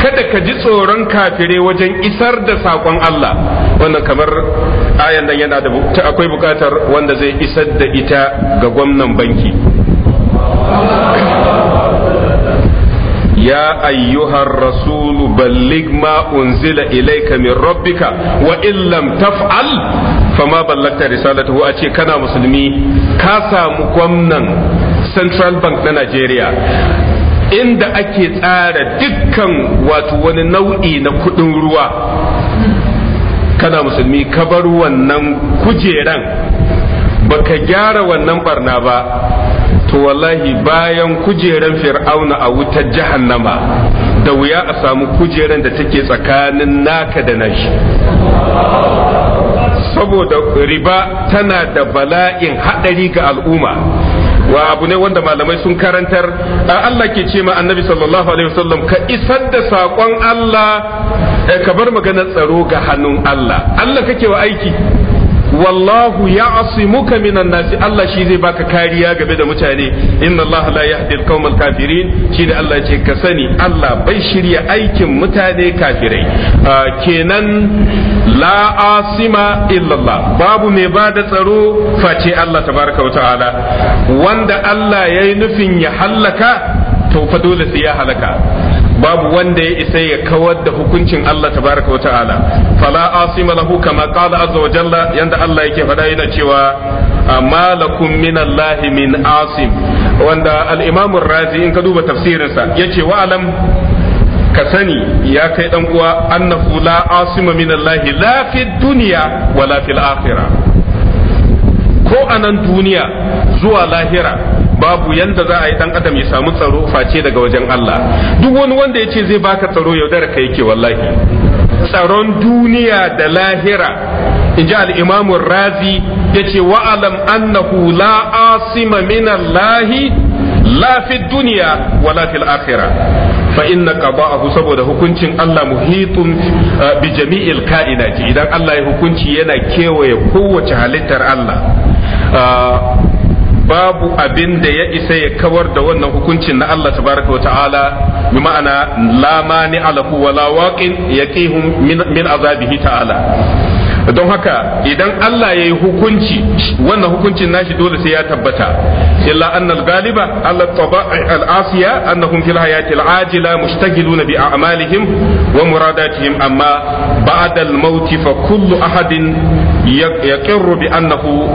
kada ka ji tsoron kafire wajen isar da saƙon Allah wannan kamar ayan nan yana da akwai bukatar wanda zai isar da ita ga gwamnan banki يا أيها الرسول بلغ ما أنزل إليك من ربك وإن لم تفعل فما بلغت رسالته أتي كنا مسلمي كاسا مقومنا Central Bank na Najeriya inda ake tsara dukkan wato wani nau'i na kudin ruwa kana musulmi ka bar wannan kujeran baka gyara wannan barna ba to wallahi bayan kujeran fir'auna a wutar jahannama da wuya a samu kujeran da take tsakanin naka da nashi saboda riba tana da bala'in haɗari ga al'umma wa abu ne wanda malamai sun karantar Allah ke ce ma annabi sallallahu alaihi wasallam ka isar da saƙon Allah eh, ka bar maganar tsaro ga hannun Allah Allah kake wa aiki wallahu ya minan nasi Allah shi zai baka kariya game da mutane inna Allah la yahdi al kafirin shi da Allah ce ka Allah bai shirya aikin mutane kafirai ah, kenan la asima illa Allah babu mai da tsaro face Allah tabaraka wa ta'ala wanda Allah yayi nufin ya hallaka to fa dole sai ya halaka babu wanda ya isa ya kawar da hukuncin Allah tabaraka wa ta'ala fala asima lahu kama qala azza wa jalla yanda Allah yake faɗa yana cewa amma lakum min Allah min asim wanda al-Imam razi in ka duba tafsirinsa yace wa alam ka sani ya kai dan uwa annahu la asima min duniya la fi dunya wala fil akhirah ko anan duniya zuwa lahira babu yanda za a yi dan adam ya samu tsaro face daga wajen Allah duk wani wanda ya ce zai baka tsaro yaudara ka yake wallahi tsaron duniya da lahira in ji al'imamun razi ya ce wa'alam annahu la asima minallahi la fi duniya wala fil akhira fa inna qada'ahu saboda hukuncin Allah muhitun uh, bi jami'il ka'inati idan Allah ya hukunci yana kewaye kowace halittar Allah uh, babu abin da ya isa ya kawar da wannan hukuncin na Allah tabaraka wata'ala bi ma'ana la mani alahu wa la waqin yaqihum min azabihi ta'ala don haka idan Allah ya yi hukunci wannan hukuncin nashi dole sai ya tabbata illa annal galiba ala al asiya annahum fil hayati al ajila mushtagiluna bi a'malihim wa muradatihim amma ba'da al maut fa kullu ahadin yaqirru bi annahu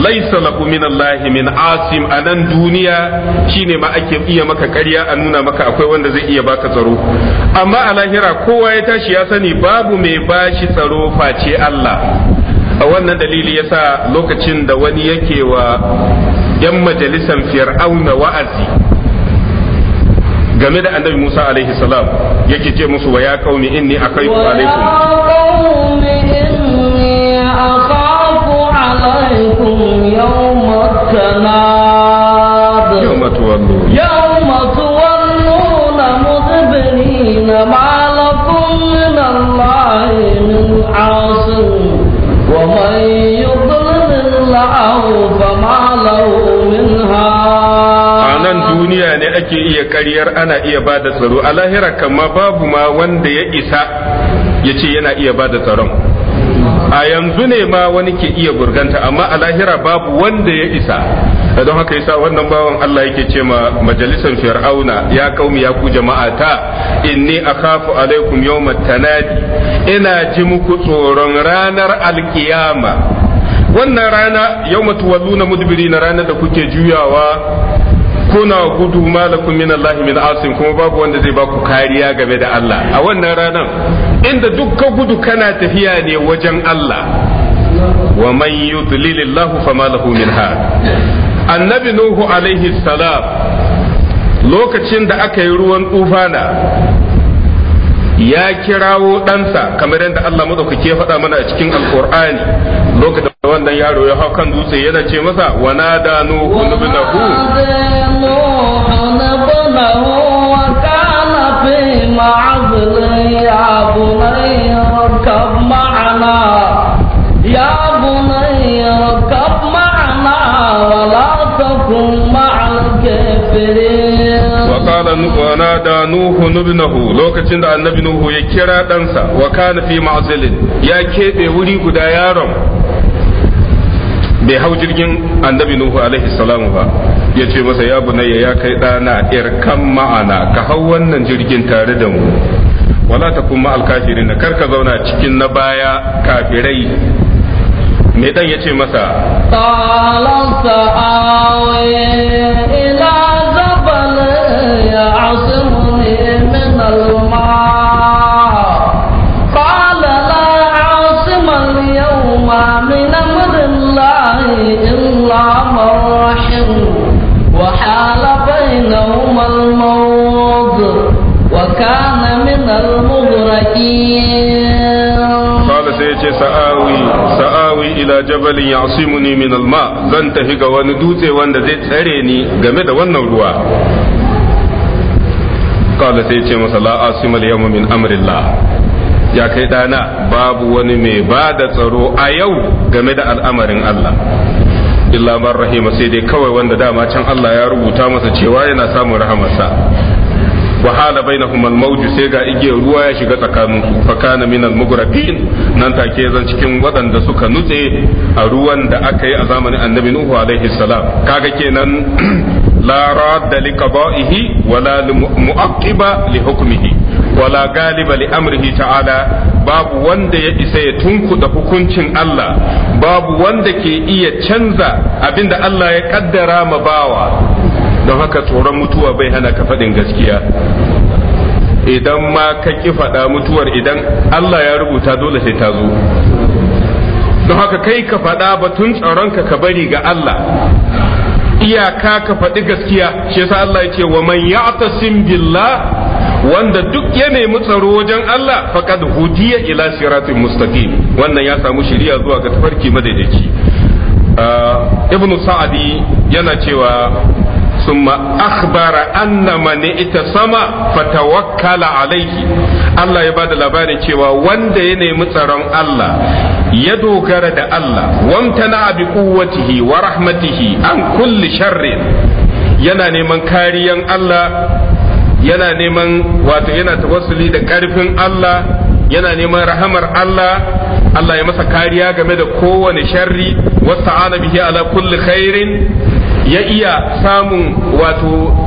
laysa lahu min Allah min asim anan duniya shine ma ake iya maka karya a nuna maka akwai wanda zai iya baka tsaro amma a lahira kowa ya tashi ya sani babu mai bashi tsaro face Allah a wannan dalili yasa lokacin da wani yake wa 'yan majalisan fir'auna wa'azi game da annabi Musa alaihi salam yake ce musu wa ya qaumi inni akaitu alaikum عليكم يوم التناد يوم تولون يوم تولون مدبرين ما لكم من الله من عاصم ومن يضلل الله فما له nan duniya ne ake iya karyar ana iya ba da tsaro a lahira kama babu ma wanda ya isa ya ce yana iya ba da tsaron a yanzu ne ma wani ke iya burganta amma a lahira babu wanda ya isa don haka yasa wannan bawan Allah yake ce ma majalisar fir'auna ya kaumi ya ku jama'a ta inni akhafu alaikum yawmat tanadi ina ji muku tsoron ranar alkiyama wannan rana yawmat walluna mudbiri na ranar da kuke juyawa kuna gudu malakum min Allah min asim kuma babu wanda zai baku kariya game da Allah a wannan ranar inda dukkan gudu kana tafiya ne wajen Allah wa man yudlilillahu fama lahu min had annabi nuhu alaihi salam lokacin da aka yi ruwan tufana ya kirawo ɗansa kamar yadda Allah madaukake ya faɗa mana a cikin alkur'ani lokacin da wannan yaro ya hau kan dutse yana ce masa wana da nuhu nubnahu Fimakasilen ya ya binayen rukab macman walakakumacal ke firin. Wakala lokacin da annabi nuhu ya kira ɗansa wa kala fimakasilen ya keɓe wuri guda yaron. bai hau jirgin annabi nuhu alaihi salamu ba ya ce masa ya bunayya ya kai ɗana irkan ma'ana ka hau wannan jirgin tare da mu wala ta kuma alkafirin da karka zauna cikin na baya kafirai mai dan ya ce masa ila ya الرحم وحال بينهما الموت وكان من المغرقين قال سيتي سآوي سآوي إلى جبل يعصمني من الماء زن تهيغ وندوتي وند زي تسريني جمد ونوروا قال سيتي مثلا عاصم اليوم من أمر ya kai dana babu wani mai ba da tsaro a yau game da al'amarin Allah illa man rahima sai dai kawai wanda dama can Allah ya rubuta masa cewa yana samun rahamarsa wa hala bainahum al-mawj sai ga igiyar ruwa ya shiga tsakanin su fa kana min al-mughraqin nan take zan cikin waɗanda suka nutse a ruwan da aka yi a zamanin annabi nuhu alaihi salam kaga kenan la radda li qada'ihi wa la mu'aqqiba li hukmihi wala galiba li amrihi ta'ala babu wanda ya isa ya tunkuda hukuncin Allah babu wanda ke iya canza abinda Allah ya kaddara ma bawa don haka tsoron mutuwa bai hana ka faɗin gaskiya idan ma ka ki faɗa mutuwar idan Allah ya rubuta dole sai ta zo don haka kai ka faɗa batun tsaronka ka bari ga Allah iyaka ka faɗi gaskiya shi yasa Allah ya wa man ya'tasim billah wanda duk ya nemi tsaro wajen Allah faqad hudiya ila siratin mustaqim wannan ya samu shiriya zuwa ga tafarki madaidaici ah, ibn sa'adi yana cewa ثم أخبر أن من اتصم فتوكل عليه الله يبعد labarin cewa wanda ya nemi tsaron Allah ya dogara da Allah wamtana bi quwwatihi wa rahmatihi an kulli sharrin yana neman kariyan Allah yana neman wato yana tawassuli da ƙarfin Allah yana neman rahamar Allah Allah ya masa kariya game da kowane sharri wasta'ana bihi ala kulli khairin ya iya samun wato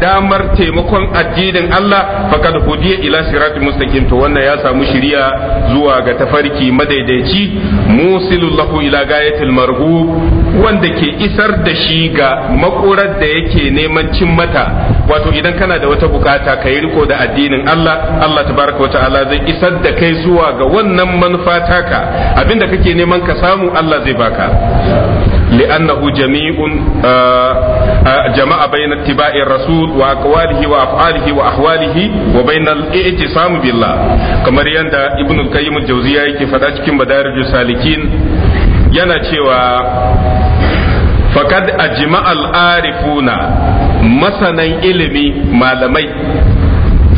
damar taimakon addinin Allah faqad hudiya ila siratul mustaqim to wannan ya samu shiriya zuwa ga tafarki madaidaici musilul lahu ila gayatil marhub wanda ke isar da shi ga makorar da yake neman cin mata wato idan kana da wata bukata ka yi riko da addinin Allah Allah tabaraka wa ta'ala zai isar da kai zuwa ga wannan manufa taka abinda kake neman ka samu Allah zai baka لأنه جميع جمع بين اتباع الرسول وأقواله وأفعاله وأحواله وبين الاعتصام بالله كما يندى ابن القيم الجوزية كفتاش كم مدارج السالكين yana cewa fakad ajma'al arifuna masanan ilimi malamai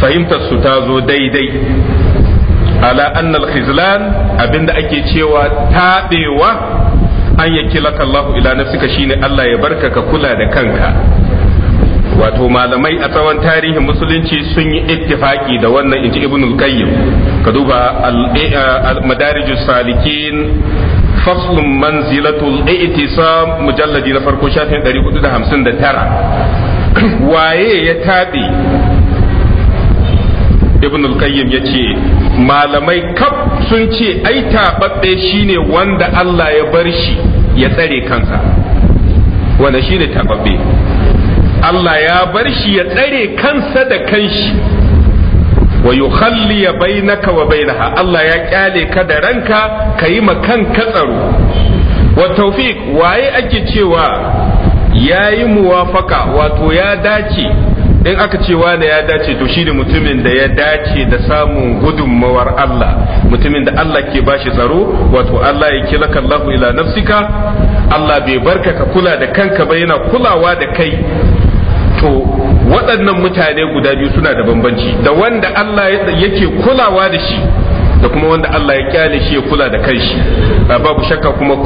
fahimtar su ta zo daidai ala annal khizlan abinda ake cewa taɓewa an yakilaka Allahu ila nafsika shine Allah ya barka ka kula da kanka wato malamai a tsawon tarihin musulunci sun yi ittifaki da wannan inji ibn al-qayyim ka duba eh, eh, al-madarijus salikin faslun manzilatul i'tisam mujalladi na farko shafin 459 waye ya tabe ibn al-qayyim yace malamai kaf sun ce ai tababbe shine wanda Allah ya bar shi ya tsare kansa wanda shine tababbe Allah ya bar shi ya tsare kansa da kanshi wa yukhalli bainaka wa bainaha Allah ya kyale ka da ranka kayi makan ka tsaro wa tawfiq waye ake cewa yayi muwafaka wato ya dace in aka ce wane ya dace to shi ne mutumin da ya dace da samun gudunmawar Allah mutumin da Allah ke ba shi tsaro wato Allah ya kila kallahu ila nafsika Allah bai barka ka kula da kanka ba yana kulawa da kai to waɗannan mutane guda biyu suna da bambanci da wanda Allah yake kulawa da shi da kuma wanda Allah ya kyale shi ya kula da shi. babu shakka kuma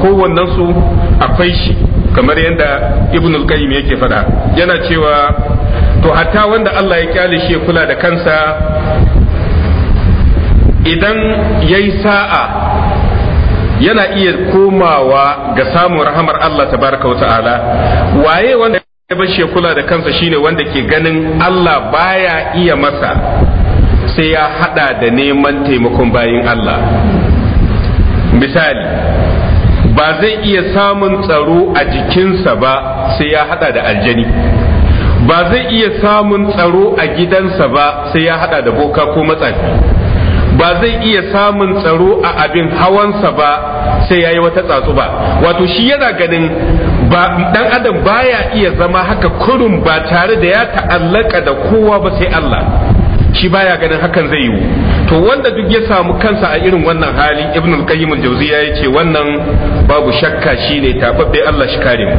su akwai shi kamar yadda ibnul qayyim yake faɗa yana cewa to hatta wanda Allah ya kyale shi kula da kansa idan ya yi sa'a yana iya komawa ga samun rahamar Allah tabaraka wa ta'ala waye wanda ya bar shi kula da kansa shine wanda ke ganin Allah baya iya masa sai ya hada da neman taimakon bayin Allah misali ba zai iya samun tsaro a jikinsa ba sai ya hada da aljani ba zai iya samun tsaro a gidansa ba sai ya hada da boka ko matsafi ba zai iya samun tsaro a abin hawansa ba sai ya yi wata tsatsu ba wato shi yana ganin ba dan adam baya iya zama haka kurun ba tare da ya ta'allaka da kowa ba sai Allah shi baya ganin hakan zai yiwu to wanda duk ya samu kansa a irin wannan hali ibn al-qayyim al-jawziya yace wannan babu shakka shine tababbe Allah shi kare mu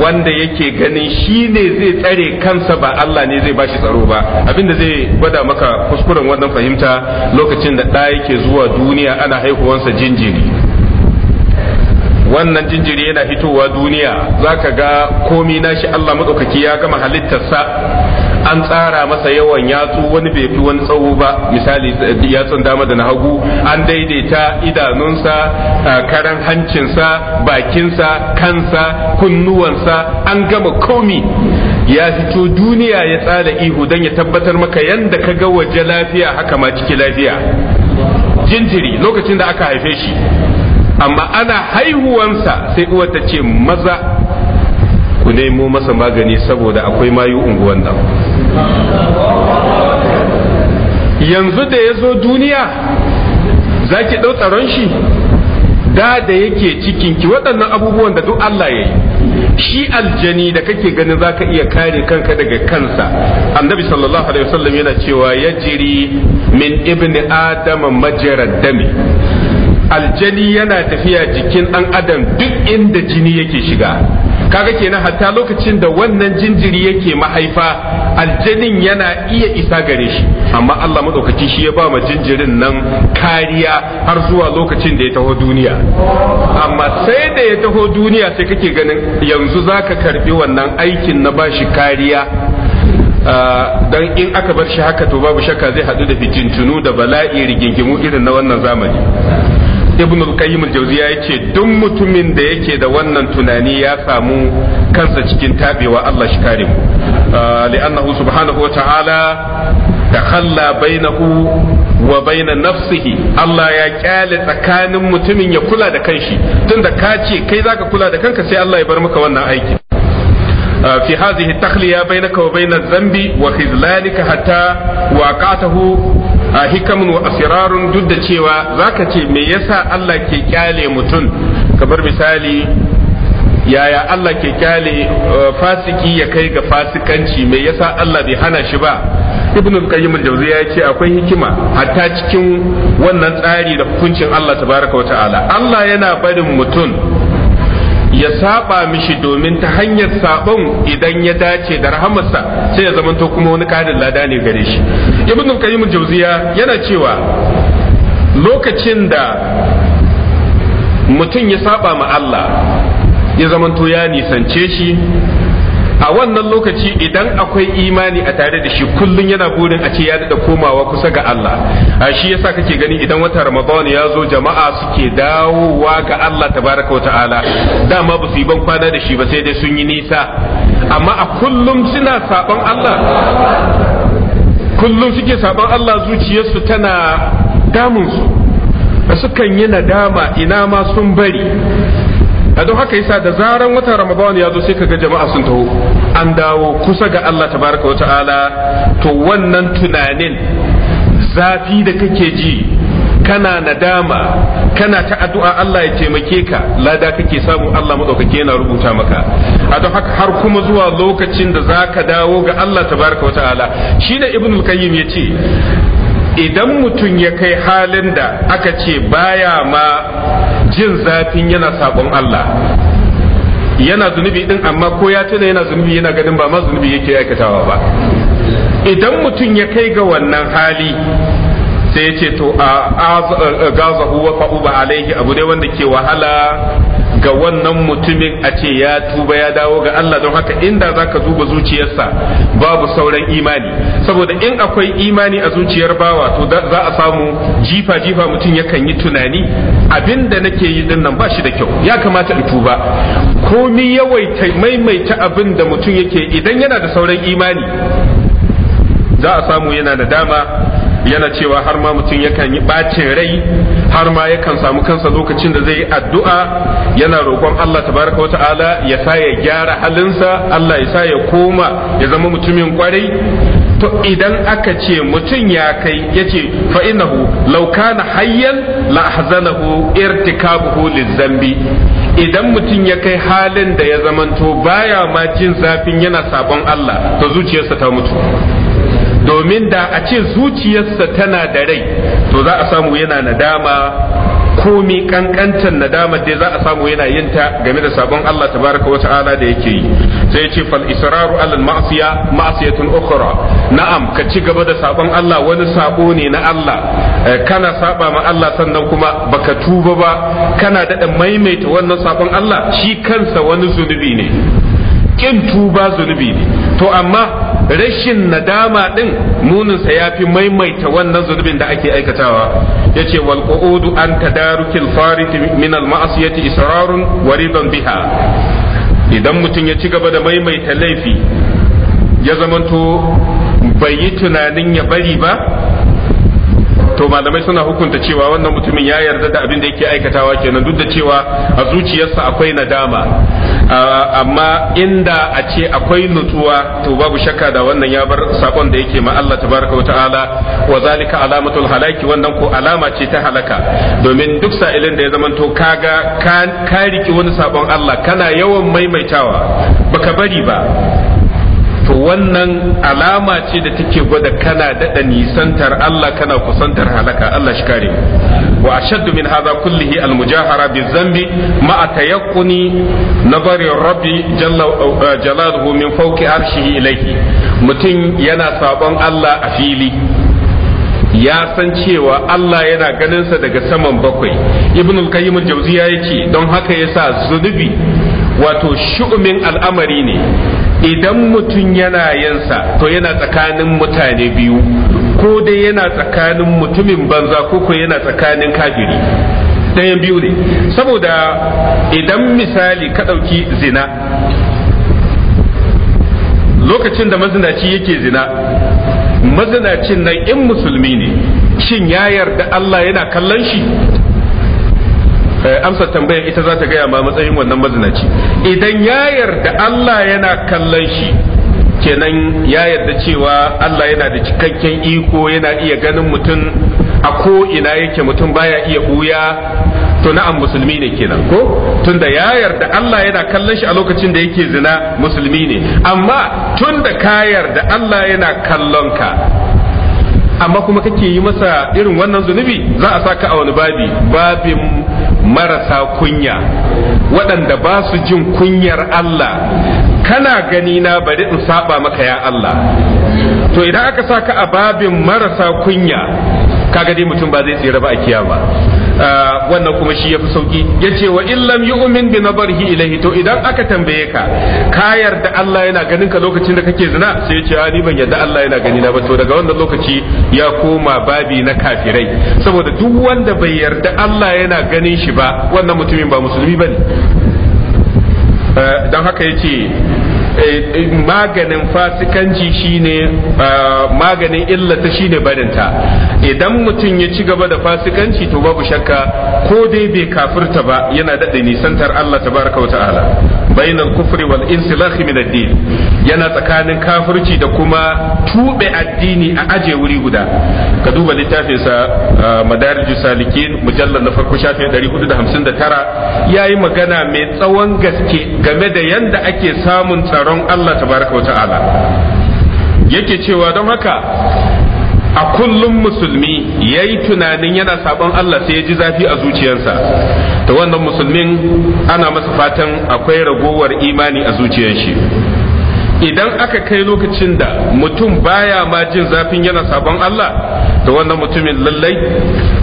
wanda yake ganin shi ne zai tsare kansa ba Allah ne zai bashi tsaro ba abinda zai gwada maka kuskuren wannan fahimta lokacin da ɗa yake zuwa duniya ana haihuwansa jinjiri wannan jinjiri yana fitowa duniya zaka ga komi nashi Allah maɗaukaki ya gama halittarsa an tsara masa yawan yatsu wani bai fi wani tsawo ba misali yatsun dama da na hagu an daidaita idanunsa karan hancinsa bakinsa kansa kunnuwansa an gama komi ya fito duniya ya tsara ihu don ya tabbatar maka yadda ka ga waje lafiya haka ma ciki lafiya jinjiri lokacin da aka haife shi amma ana haihuwansa sai uwar ta ce maza ku nemo masa magani saboda akwai mayu unguwan nan yanzu da ya zo duniya za ki ɗau tsaron shi da da yake cikinki waɗannan abubuwan da duk Allah ya yi shi aljani da kake ganin zaka iya kare kanka daga kansa annabi sallallahu alaihi wasallam yana cewa ya jiri min ibni adama majarar dami aljani yana tafiya jikin ɗan adam duk inda jini yake shiga kaga kenan hatta lokacin da wannan jinjiri yake mahaifa aljanin yana iya isa gare shi amma Allah madaukaki shi ya ba ma jinjirin nan kariya har zuwa lokacin da ya taho duniya amma sai da ya taho duniya sai kake ganin yanzu zaka karbi wannan aikin na bashi kariya ah, dan in aka bar shi haka to babu shakka zai hadu da fitintunu da bala'i rigingimu irin na wannan zamani ibn al-qayyim al-jawziya yace duk mutumin da yake da wannan tunani ya samu kansa cikin tabewa Allah shi kare mu ah, li'annahu subhanahu wata'ala takhalla bainahu wa baina nafsihi Allah ya kyale tsakanin mutumin ya kula da kanshi tunda ka ce kai zaka kula da kanka sai Allah ya bar maka wannan aiki في هذه التخلية بينك وبين الذنب وخذلانك حتى وقعته a hikamun wa asirarun duk da cewa zaka ce me yasa Allah ke kyale mutum kamar misali yaya Allah ke kyale uh, fasiki ya kai ga fasikanci me yasa Allah bai hana shi ba ibn al-qayyim al-jawziya ce akwai hikima hatta cikin wannan tsari da hukuncin Allah tabaraka wa ta'ala Allah yana barin mutum ya saba mishi domin ta hanyar sabon idan ya dace da rahamarsa sai ya zamanto kuma wani karin lada ne gare shi ibn qayyim jawziya yana cewa lokacin da mutum ya saba ma Allah ya zamanto ya nisance shi a wannan lokaci idan akwai imani a tare da shi kullun yana burin a ce ya da komawa kusa ga Allah a shi yasa kake gani idan wata Ramadan ya zo jama'a suke dawowa ga Allah tabaraka ta'ala dama ba su yi ban kwana da shi ba sai dai sun yi nisa amma a kullum suna saban Allah kullum suke saban Allah zuciyarsu tana damun su sukan yi nadama ina ma sun bari a don haka yasa da zaran watan ramadan ya zo sai kaga jama'a sun taho an dawo kusa ga Allah tabaraka wa ta'ala to wannan tunanin zafi da kake ji kana nadama kana ta addu'a Allah ya taimake ka lada kake samu Allah madaukake yana rubuta maka a don haka har kuma zuwa lokacin da zaka dawo ga Allah tabaraka wa ta'ala shi da ibnul qayyim yace idan mutum ya kai halin da aka ce baya ma jin zafin yana sabon Allah yana zunubi din amma ko ya tuna yana zunubi yana ganin ba ma zunubi yake aikatawa ba idan mutum ya kai ga wannan hali sai ya ce to a gazahu wa fa'uba alaihi abu dai wanda ke wahala ga wannan mutumin a ce ya tuba ya dawo ga Allah don haka inda za ka zuba zuciyarsa babu sauran imani saboda in akwai imani a zuciyar bawa to za a samu jifa jifa mutum yakan yi tunani abin da nake yi din nan ba shi da kyau ya kamata in tuba ko komi yawaita maimaita abin da mutum yake idan yana da sauran imani za a samu yana da dama yana cewa har ma mutum yakan yi bacin rai har ma yakan samu kansa lokacin da zai yi addu'a yana roƙon Allah tabaraka wata'ala ya sa ya gyara halinsa Allah ya sa ya koma ya zama mutumin kwarai to idan aka ce mutum ya kai yace fa innahu law kana hayyan la ahzanahu irtikabuhu lizambi idan mutum ya kai halin da ya zamanto baya ma jin zafin yana sabon Allah to zuciyarsa ta mutu domin da a ce zuciyarsa tana da rai to za a samu yana nadama komi kankantar nadama dai za a samu yana yin ta game da sabon Allah tabaraka wa ta'ala da yake yi sai ce fal israru ala ma'siya ma'siyatun ukhra na'am ka ci gaba da sabon Allah wani sabo ne na Allah eh, kana saba ma Allah sannan kuma baka tuba ba kana da maimaita wannan sabon Allah shi kansa wani zunubi ne ƙin tuba zunubi ne to amma rashin nadama din nuninsa ya fi maimaita wannan zunubin da ake aikatawa ya ce wal qu'udu an tadarukil fariti min al ma'asiyati israrun waridan biha idan mutum ya ci gaba da maimaita laifi ya zamanto bai yi tunanin ya bari ba to malamai suna hukunta cewa wannan mutumin ya yarda da abin da yake aikatawa kenan duk da cewa a zuciyarsa akwai nadama amma inda a ce akwai nutsuwa to babu shakka da wannan ya bar sakon da yake ma Allah tabaraka wa ta'ala wa zalika alamatul halaki wannan ko alama ce ta halaka domin duk sa'ilin da ya zamanto kaga ka riki wani sakon Allah kana yawan maimaitawa baka bari ba to wannan alama ce da take gwada kana daɗa nisantar Allah kana kusantar halaka Allah shi kare wa ashaddu min hadha kullihi almujahara bizambi ma atayaqquni nazari rabbi jalla uh, jalaluhu min fawqi arshihi ilayhi mutum yana sabon Allah a fili ya san cewa Allah yana ganinsa daga saman bakwai ibn al-qayyim al-jawziya yace don haka yasa zunubi wato shu'umin al'amari ne idan mutum yana yansa to yana tsakanin mutane biyu ko dai yana tsakanin mutumin banza ko ko yana tsakanin kafiri ɗayan biyu ne saboda idan misali ka ɗauki zina lokacin da mazinaci yake zina mazinacin nan in musulmi ne shin ya yarda Allah yana kallon shi Eh, amsar tambayar ita za ta gaya ma matsayin wannan mazinaci idan ya yarda Allah yana kallon shi kenan ya yarda cewa Allah yana da cikakken iko yana iya ganin mutum a ko ina yake mutum baya iya huya to na'am musulmi ne kenan ko tunda ya yarda Allah yana kallon shi a lokacin da yake zina musulmi ne amma tunda ka yarda Allah yana kallon ka amma kuma kake yi masa irin wannan zunubi za a saka a wani babi babin marasa kunya waɗanda ba su jin kunyar Allah kana gani na bari in saba maka ya Allah to idan aka saka a babin marasa kunya kaga dai mutum ba zai tsira ba a kiyama Ah, wannan kuma shi ya fi sauki yace wa illam yu'min bi nazarihi ilayhi to idan aka tambaye ka ka yarda Allah yana ganin ka lokacin da kake zina sai yace ni ban yarda Allah yana gani na ba to daga wannan lokaci ya koma babi na kafirai saboda duk wanda bai yarda Allah yana ganin shi ba wannan mutumin ba musulmi bane ah, Dan haka yace Eh, eh, maganin fasikanci shine ah, maganin illata shine barinta idan mutum ya ci gaba da fasikanci to babu shakka ko dai bai kafirta ba yana daɗe nisantar Allah tabaraka wa ta'ala bainal kufri wal insilahi min ad-din yana tsakanin kafirci da kuma tube addini a aje wuri guda ka duba littafin sa ah, madarijus salikin mujallal na farko shafin 459 yayi magana mai tsawon gaske game da yanda ake samun tsaron Allah tabaraka wa ta'ala yake cewa don haka a kullum musulmi ya yi tunanin yana sabon Allah sai ya ji zafi a zuciyarsa ta wannan musulmin ana masa fatan akwai ragowar imani a zuciyar shi idan aka kai lokacin da mutum baya ma jin zafin yana sabon Allah ta wannan mutumin lallai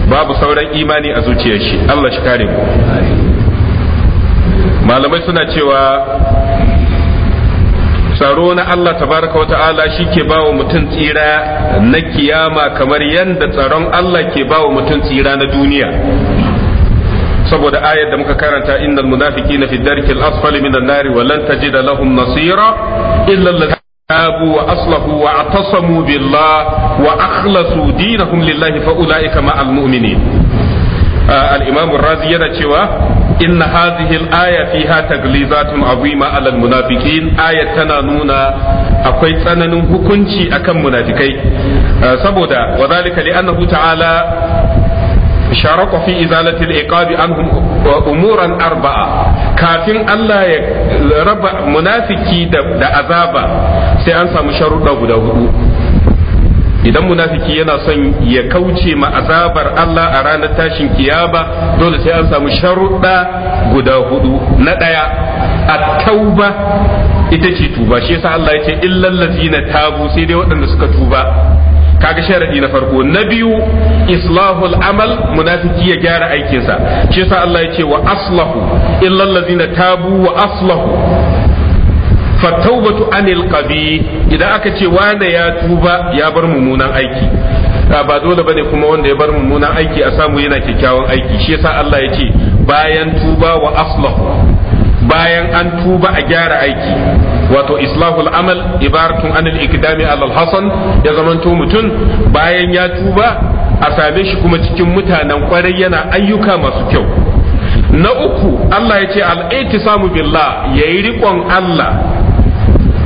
babu sauran imani a zuciyar shi Allah shi kare malamai suna cewa tsaro na Allah tabaraka wa ta'ala shi ke bawa mutum tsira na kiyama kamar yadda tsaron Allah ke bawa mutum tsira na duniya saboda ayar da muka karanta innal munafiqina fi darkil asfali minan nari wa lan tajida lahum nasira illa tabu wa aslahu wa atasamu billah wa akhlasu dinahum lillahi fa ulaika ma'al mu'minin al-imam razi yana cewa inna hadhihi al-aya fiha taglizatun azima alal munafiqin ayat tana nuna akwai tsananin hukunci akan munafikai saboda wa zalika li annahu ta'ala sharaka fi izalati al-iqabi anhum umuran arba'a kafin Allah ya raba munafiki da azaba sai an samu sharuɗa guda hudu idan munafiki yana son ya kauce ma azabar Allah a ranar tashin kiyama dole sai an samu sharuɗa guda hudu na ɗaya at-tauba ita ce tuba shi yasa Allah ya ce illal ladina tabu sai dai waɗanda suka tuba kaga sharadi na farko na biyu islahul amal munafiki ya gyara aikinsa shi yasa Allah ya ce wa aslahu illal na tabu wa aslahu fattaubatu anil qabi idan aka ce wane ya tuba ya bar mummunan aiki ba dole bane kuma wanda ya bar mummunan aiki a samu yana kyakkyawan aiki shi yasa Allah ya ce bayan tuba wa aslah bayan an tuba a gyara aiki wato islahul amal ibaratun anil ikdami alal hasan ya zamanto mutum bayan ya tuba a same shi kuma cikin mutanen kwarai yana ayyuka masu kyau na uku Allah ya ce al'aiti samu billah ya yi riƙon Allah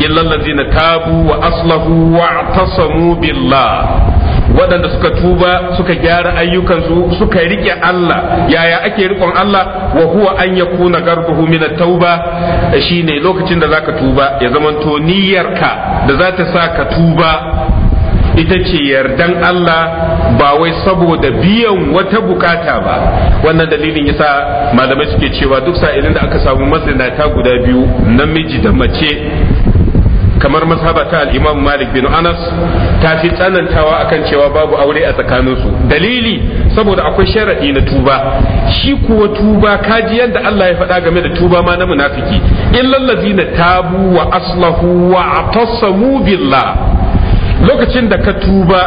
illa allazina tabu wa aslahu wa waɗanda suka tuba suka gyara ayyukansu suka rike Allah yaya ake rikon Allah wa huwa an yakuna garbuhu min tauba shine lokacin da zaka tuba ya zamanto niyyarka da za ta sa ka tuba ita ce yardan Allah ba wai saboda biyan wata bukata ba wannan dalilin yasa malamai suke cewa duk sa'ilin da aka samu masinata guda biyu namiji da mace kamar mazhaba ta al-Imam Malik bin Anas ta fi tsanantawa akan cewa babu aure a tsakanin su dalili saboda akwai sharadi na tuba shi kuwa tuba kaji yadda Allah ya faɗa game da tuba ma na munafiki illal ladzina tabu wa aslahu wa atasamu billah lokacin da ka tuba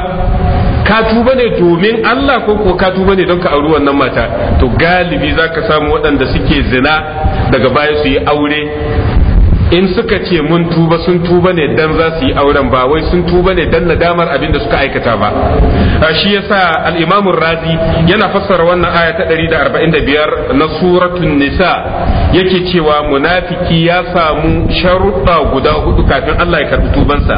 ka tuba ne domin Allah ko ko ka tuba ne don ka auri wannan mata to galibi zaka samu waɗanda suke zina daga baya su yi aure in suka ce mun tuba sun tuba ne dan za su yi auren ba wai sun tuba ne dan nadamar abin da suka aikata ba shi yasa al-Imam Razi yana fassara wannan aya ta 145 na suratul nisa yake cewa munafiki ya samu sharuɗa guda hudu kafin Allah ya karbi tubansa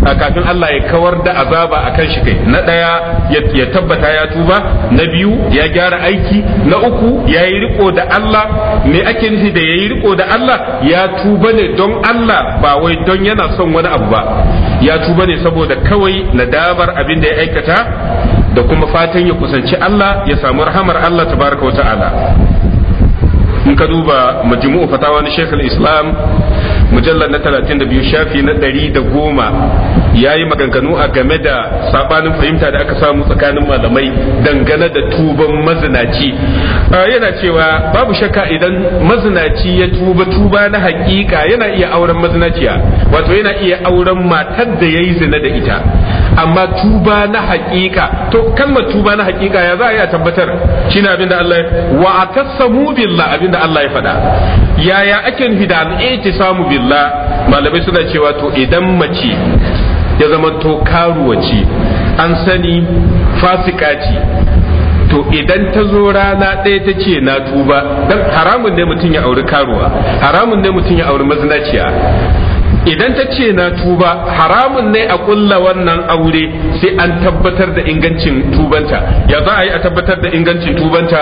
kafin Allah ya kawar da azaba a kan shi kai na ɗaya ya tabbata ya tuba na biyu ya gyara aiki na uku ya yi riko da Allah me ake nufi da ya yi riko da Allah ya tuba ne don Allah ba wai don yana son wani abu ba ya tuba ne saboda kawai nadamar abin da ya aikata da kuma fatan ya kusanci Allah ya samu rahamar Allah tabaraka wa ta'ala in ka duba majmu'u fatawa na Sheikh islam mujallar na 32 shafi na 110 yayi maganganu a game da sabanin fahimta da aka samu tsakanin malamai dangane da tuban mazinaci yana cewa babu shakka idan mazinaci ya tuba tuba na hakika yana iya auren mazinaciya wato yana iya auren matar da yayi zina da ita amma tuba na hakika to kalmar tuba na hakika ya za a tabbatar shi ne abinda Allah wa atassamu billah abinda Allah ya faɗa yaya ake nufi da samu billah malamai suna cewa to idan mace ya zama to karuwa ce an sani fasika ce to idan ta zo rana ɗaya ta ce na tuba haramun ne mutum ya auri karuwa haramun ne mutum ya auri mazinaciya idan ta ce na tuba haramun ne a kulla wannan aure sai an tabbatar da ingancin tubanta ya za a yi a tabbatar da ingancin tubanta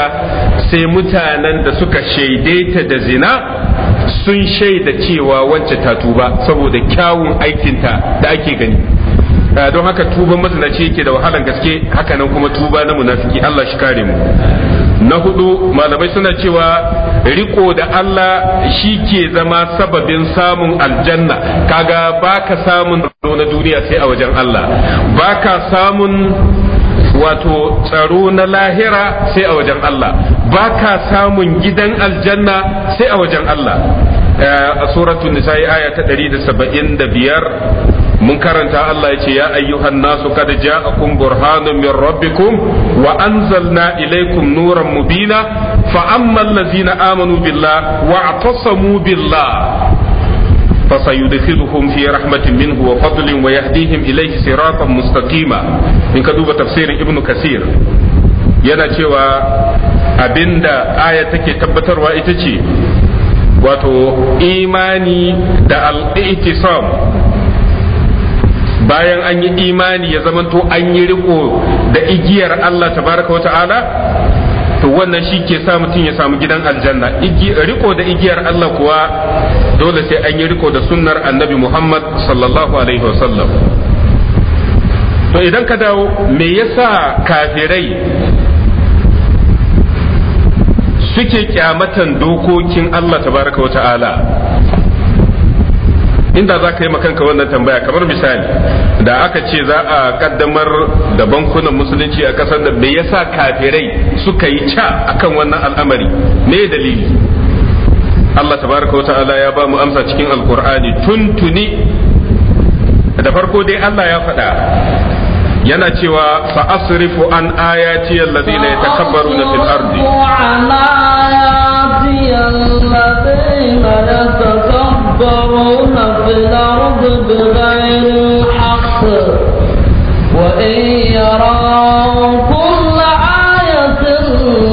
sai mutanen da suka shaidaita da zina sun shaida cewa wacce ta tuba saboda kyawun aikinta da ake gani ah, don haka tuban mazinaci yake da wahalan gaske hakanan kuma tuba na munafiki Allah shi kare mu na hudu malamai suna cewa riko da Allah shi ke zama sababin samun aljanna kaga baka samun tsaro na duniya sai a wajen Allah baka samun wato tsaro na lahira sai a wajen Allah baka samun gidan aljanna sai a wajen Allah a suratu nisa'i aya ta da da biyar mun karanta Allah yace ya ayyuhan nasu kad ja'akum burhanun min rabbikum wa anzalna ilaikum nuran mubina fa ammal ladzina amanu billah wa atasamu billah فسيدخلهم في رحمة منه وفضل ويهديهم إليه صراطا مستقيما إن كذوب تفسير ابن كثير yana cewa abinda aya take tabbatarwa ita ce wato imani da al-i'tisam bayan an yi imani ya zamanto an yi riko da igiyar Allah tabaraka wa ta'ala to wannan shi ke sa mutum ya samu gidan aljanna riko da igiyar Allah kuwa dole sai an yi riko da sunnar annabi Muhammad sallallahu alaihi wasallam to idan ka dawo me yasa kafirai suke kyamatan dokokin Allah tabaraka wa ta'ala inda za ka yi makanka wannan tambaya kamar misali da aka ce za a kaddamar da bankunan musulunci a kasar da me yasa kafirai suka yi ca akan wannan al'amari me dalili Allah tabaraka wa ta'ala ya ba mu amsa cikin alkur'ani tuntuni da farko dai Allah ya faɗa yana cewa fa asrifu an ayati alladhina yatakabbaruna fil ardi وإن يروا كل آية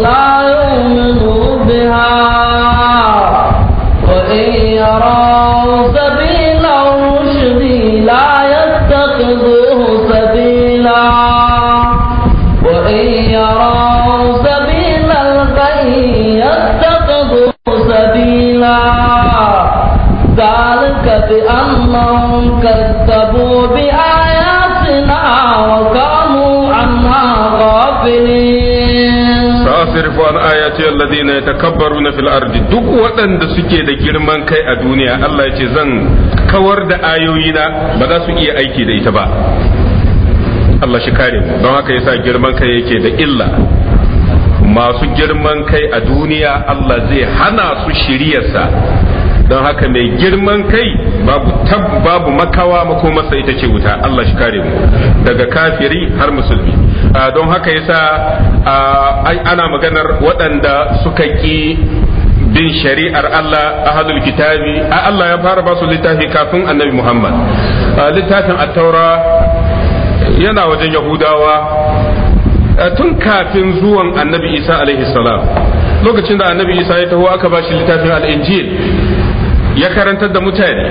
لا يؤمنوا بها sa'asrifu an ayati alladhina yatakabbaruna fil ardi duk waɗanda suke da girman kai a duniya Allah ya ce zan kawar da na ba za su iya aiki da ita ba Allah shi kare don haka yasa girman kai yake da illa masu girman kai a duniya Allah zai hana su shiryarsa don haka mai girman kai babu tab babu makawa masa ita ce wuta Allah shi kare mu daga kafiri har musulmi don haka yasa ana maganar waɗanda suka ki bin shari'ar Allah ahadul kitabi Allah ya fara basu littafi kafin annabi Muhammad littafin at-taura yana wajen yahudawa tun kafin zuwan annabi isa alaihi salam lokacin da annabi isa ya taho aka bashi littafin al-injil ya karantar da mutane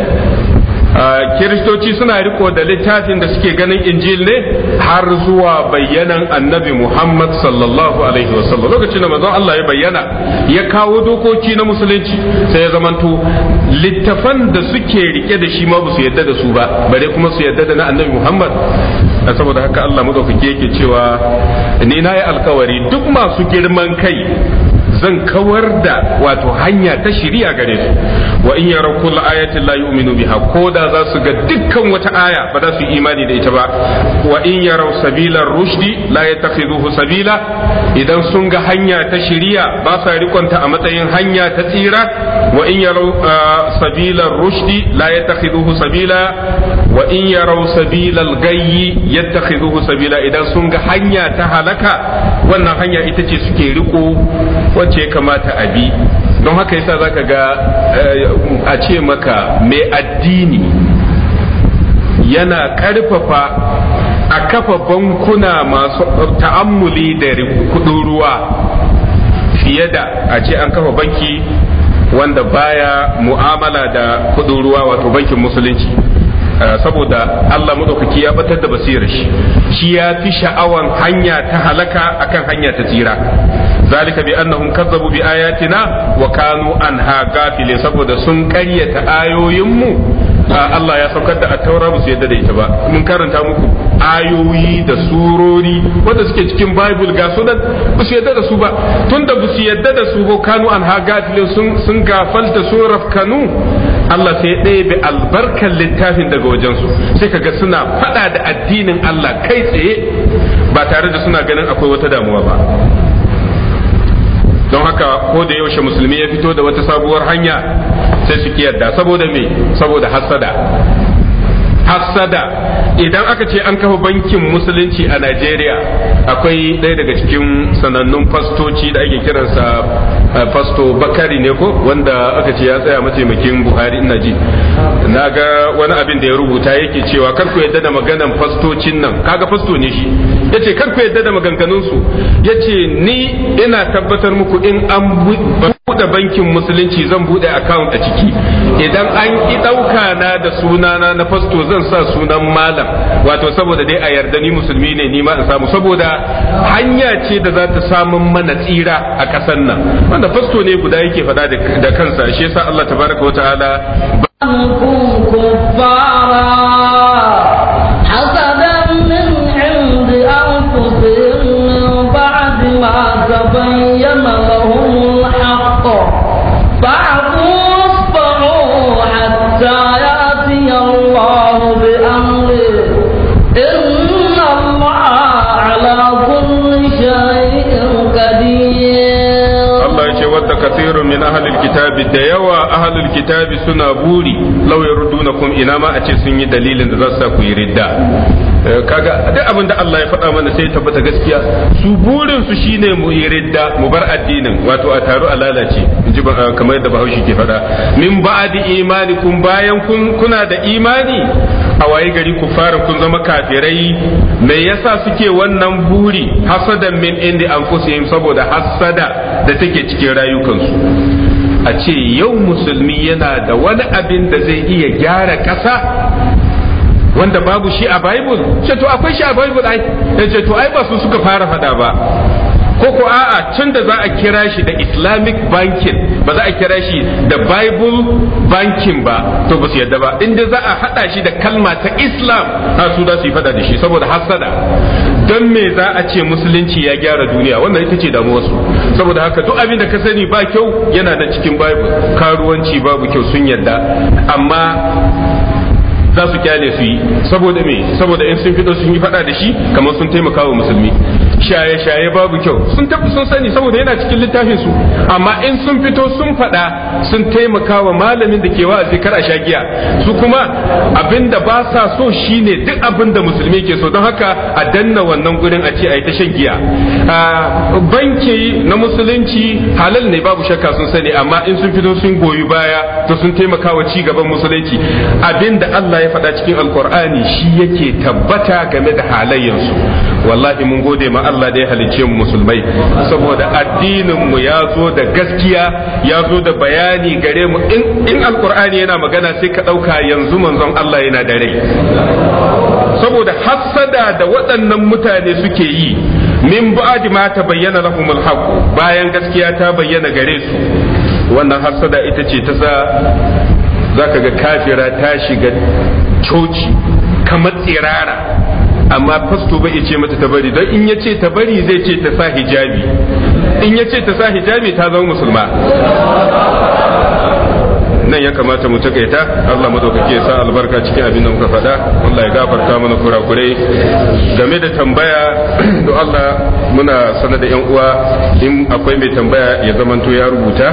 kiristoci suna riko da littafin da suke ganin injil ne har zuwa bayyanan annabi muhammad sallallahu alaihi wasallam lokacin da manzon Allah ya bayyana ya kawo dokoki na musulunci sai ya zamanto littafan da suke rike da shi ma ba su yadda da su ba bare kuma su yadda da na annabi muhammad saboda haka Allah madaukake yake cewa ni na yi alkawari duk masu girman kai zan kawar da wato hanya ta shiriya gare su wa in yara kullu ayatin la yu'minu biha ko da za su ga dukkan wata aya ba za su yi imani da ita ba wa in yara sabila rushdi la yattakhidhuhu sabila idan sun ga hanya ta shiriya ba sa rikonta a matsayin hanya ta tsira wa in yara ah, sabila rushdi la yattakhidhuhu sabila wa in yarau sabilal gayyi yattakhidhuhu sabila idan sun ga hanya ta halaka wannan hanya ita ce suke riko wacce ya kamata a bi don haka yasa zaka ga eh, a ce maka mai addini yana karfafa a kafa bankuna masu ta'ammuli da kudin ruwa fiye da a ce an kafa banki wanda baya mu'amala da kudin ruwa wato bankin musulunci Eh, saboda Allah madaukaki ya batar da basirar shi shi ya fi sha'awan hanya ta halaka akan hanya ta tsira zalika bi annahum kazzabu bi ayatina wa kanu anha gafilin saboda sun karyata ayoyin mu Allah ya saukar da attaura ba su yadda da ita ba mun karanta muku ayoyi da surori wanda suke cikin bible ga su dan ba su yadda da su ba tunda ba su yadda da su ba kanu an ha sun sun gafalta surar kanu Allah sai ɗaya bi albarkar littafin daga wajensu sai ka ga suna faɗa da addinin Allah kai tsaye ba tare da suna ganin akwai wata damuwa ba don haka ko da yaushe musulmi ya fito da wata sabuwar hanya sai su kiyarda saboda me saboda hasada hassada idan aka ce an kafa bankin musulunci a najeriya akwai ɗaya daga cikin sanannun fastoci da ake kiransa eh, fasto bakari ne ko wanda aka ce ya tsaya mataimakin buhari ina ji na ga wani abin da ya rubuta yake cewa kar ku yadda da maganan fastocin nan kaga fasto ne shi ya ce kar ku yadda da maganganunsu ya ce ni ina tabbatar muku in an buɗe bankin musulunci zan buɗe account a ciki idan an ki ɗauka na da sunana na fasto zan sa sunan malam wato saboda dai a yarda ni musulmi ne ni ma in samu saboda hanya ce da za ta samun mana tsira a ƙasar nan wanda fasto ne guda yake faɗa da kansa shi yasa Allah tabaraka wa ta'ala ba min ahlil kitabi da yawa ahlil kitabi suna buri law kun ina ma a ce sun yi dalilin da za su ku yi ridda eh, kaga duk abin da Allah ya faɗa mana sai tabbata gaskiya su burin su shine mu yi ridda mu bar addinin wato a taru a lalace inji eh, kamar yadda Bahaushe ke faɗa min ba'di imanikum bayan kun kuna da imani a waye gari ku fara kun zama kafirai me yasa suke wannan buri hasadan min indi anfusihim saboda hasada da take cikin rayukansu a ce yau musulmi yana da wani abin da zai iya gyara kasa wanda babu shi a bible ce to akwai shi a bible ai ya ce to ai ba su suka fara fada ba ko ko a'a tun da za a kira shi da islamic banking ba za a kira shi da bible banking ba to ba su yadda ba inda za a hada shi da kalma ta islam ha su da su yi fada da shi saboda hasada don me za a ce musulunci ya gyara duniya wannan ita ce damuwarsu saboda haka duk abin da ka sani ba kyau yana da cikin bible karuwanci babu kyau sun yarda amma za su kyale su yi saboda me saboda in sun fito sun yi fada da shi kamar sun taimaka wa musulmi shaye-shaye babu kyau sun tafi sun sani saboda yana cikin littafin su amma in sun fito sun faɗa sun taimaka wa malamin da ke wa'azi kar a sha giya su kuma abin da ba sa so shine duk abin da musulmi ke so don haka a danna wannan gurin a ce a yi ta shan giya banki na musulunci halal ne babu shakka sun sani amma in sun fito sun goyi baya to sun taimaka wa ci gaban musulunci abin da Allah ya faɗa cikin alkur'ani shi yake tabbata game da halayyansu wallahi mun gode ma Allah da ya halicce mu musulmai saboda addinin mu ya zo da gaskiya ya zo da bayani gare mu in alkur'ani yana magana sai ka ɗauka yanzu manzon Allah yana da rai saboda hassada da waɗannan mutane suke yi min ba'di ma ta bayyana lahumul haqq bayan gaskiya ta bayyana gare su wannan hassada ita ce ta sa zaka ga kafira ta shiga coci kamar tsirara amma fasto bai ce mata ta bari don in ya ce ta bari zai ce ta sa hijabi in ya ce ta sa hijabi ta zama musulma nan ya kamata mu takaita Allah madaukake sa albarka cikin abin da muka faɗa Allah ya gafarta mana kurakurai game da tambaya do Allah muna sanar da yan uwa in akwai mai tambaya ya zamanto ya rubuta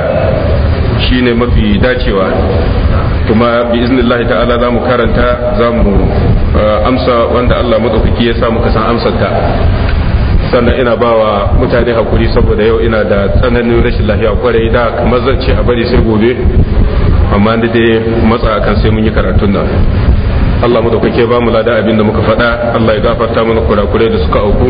shine mafi dacewa kuma bi iznillahi ta'ala za mu karanta za mu eh, amsa wanda Allah madaukaki ya sa muka san ta sannan ina ba wa mutane hakuri saboda yau ina da tsananin rashin lafiya kwarai da kamar zan ce a bari sai gobe amma da dai matsa kan sai mun yi karatun nan Allah madaukake ba mu lada abin da muka faɗa Allah ya gafarta mana kurakurai da suka auku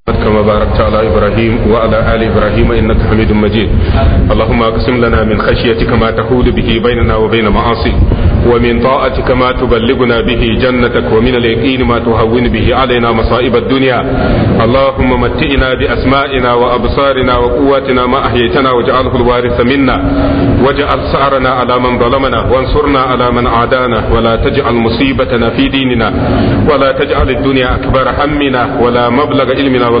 كما باركت على إبراهيم وعلى آل إبراهيم إنك حميد مجيد اللهم أقسم لنا من خشيتك ما تحول به بيننا وبين معاصيك ومن طاعتك ما تبلغنا به جنتك ومن اليقين ما تهون به علينا مصائب الدنيا اللهم متئنا بأسمائنا وأبصارنا وقواتنا ما أحييتنا واجعله الوارث منا واجعل سعرنا على من ظلمنا وانصرنا على من عادانا ولا تجعل مصيبتنا في ديننا ولا تجعل الدنيا أكبر همنا ولا مبلغ علمنا ولا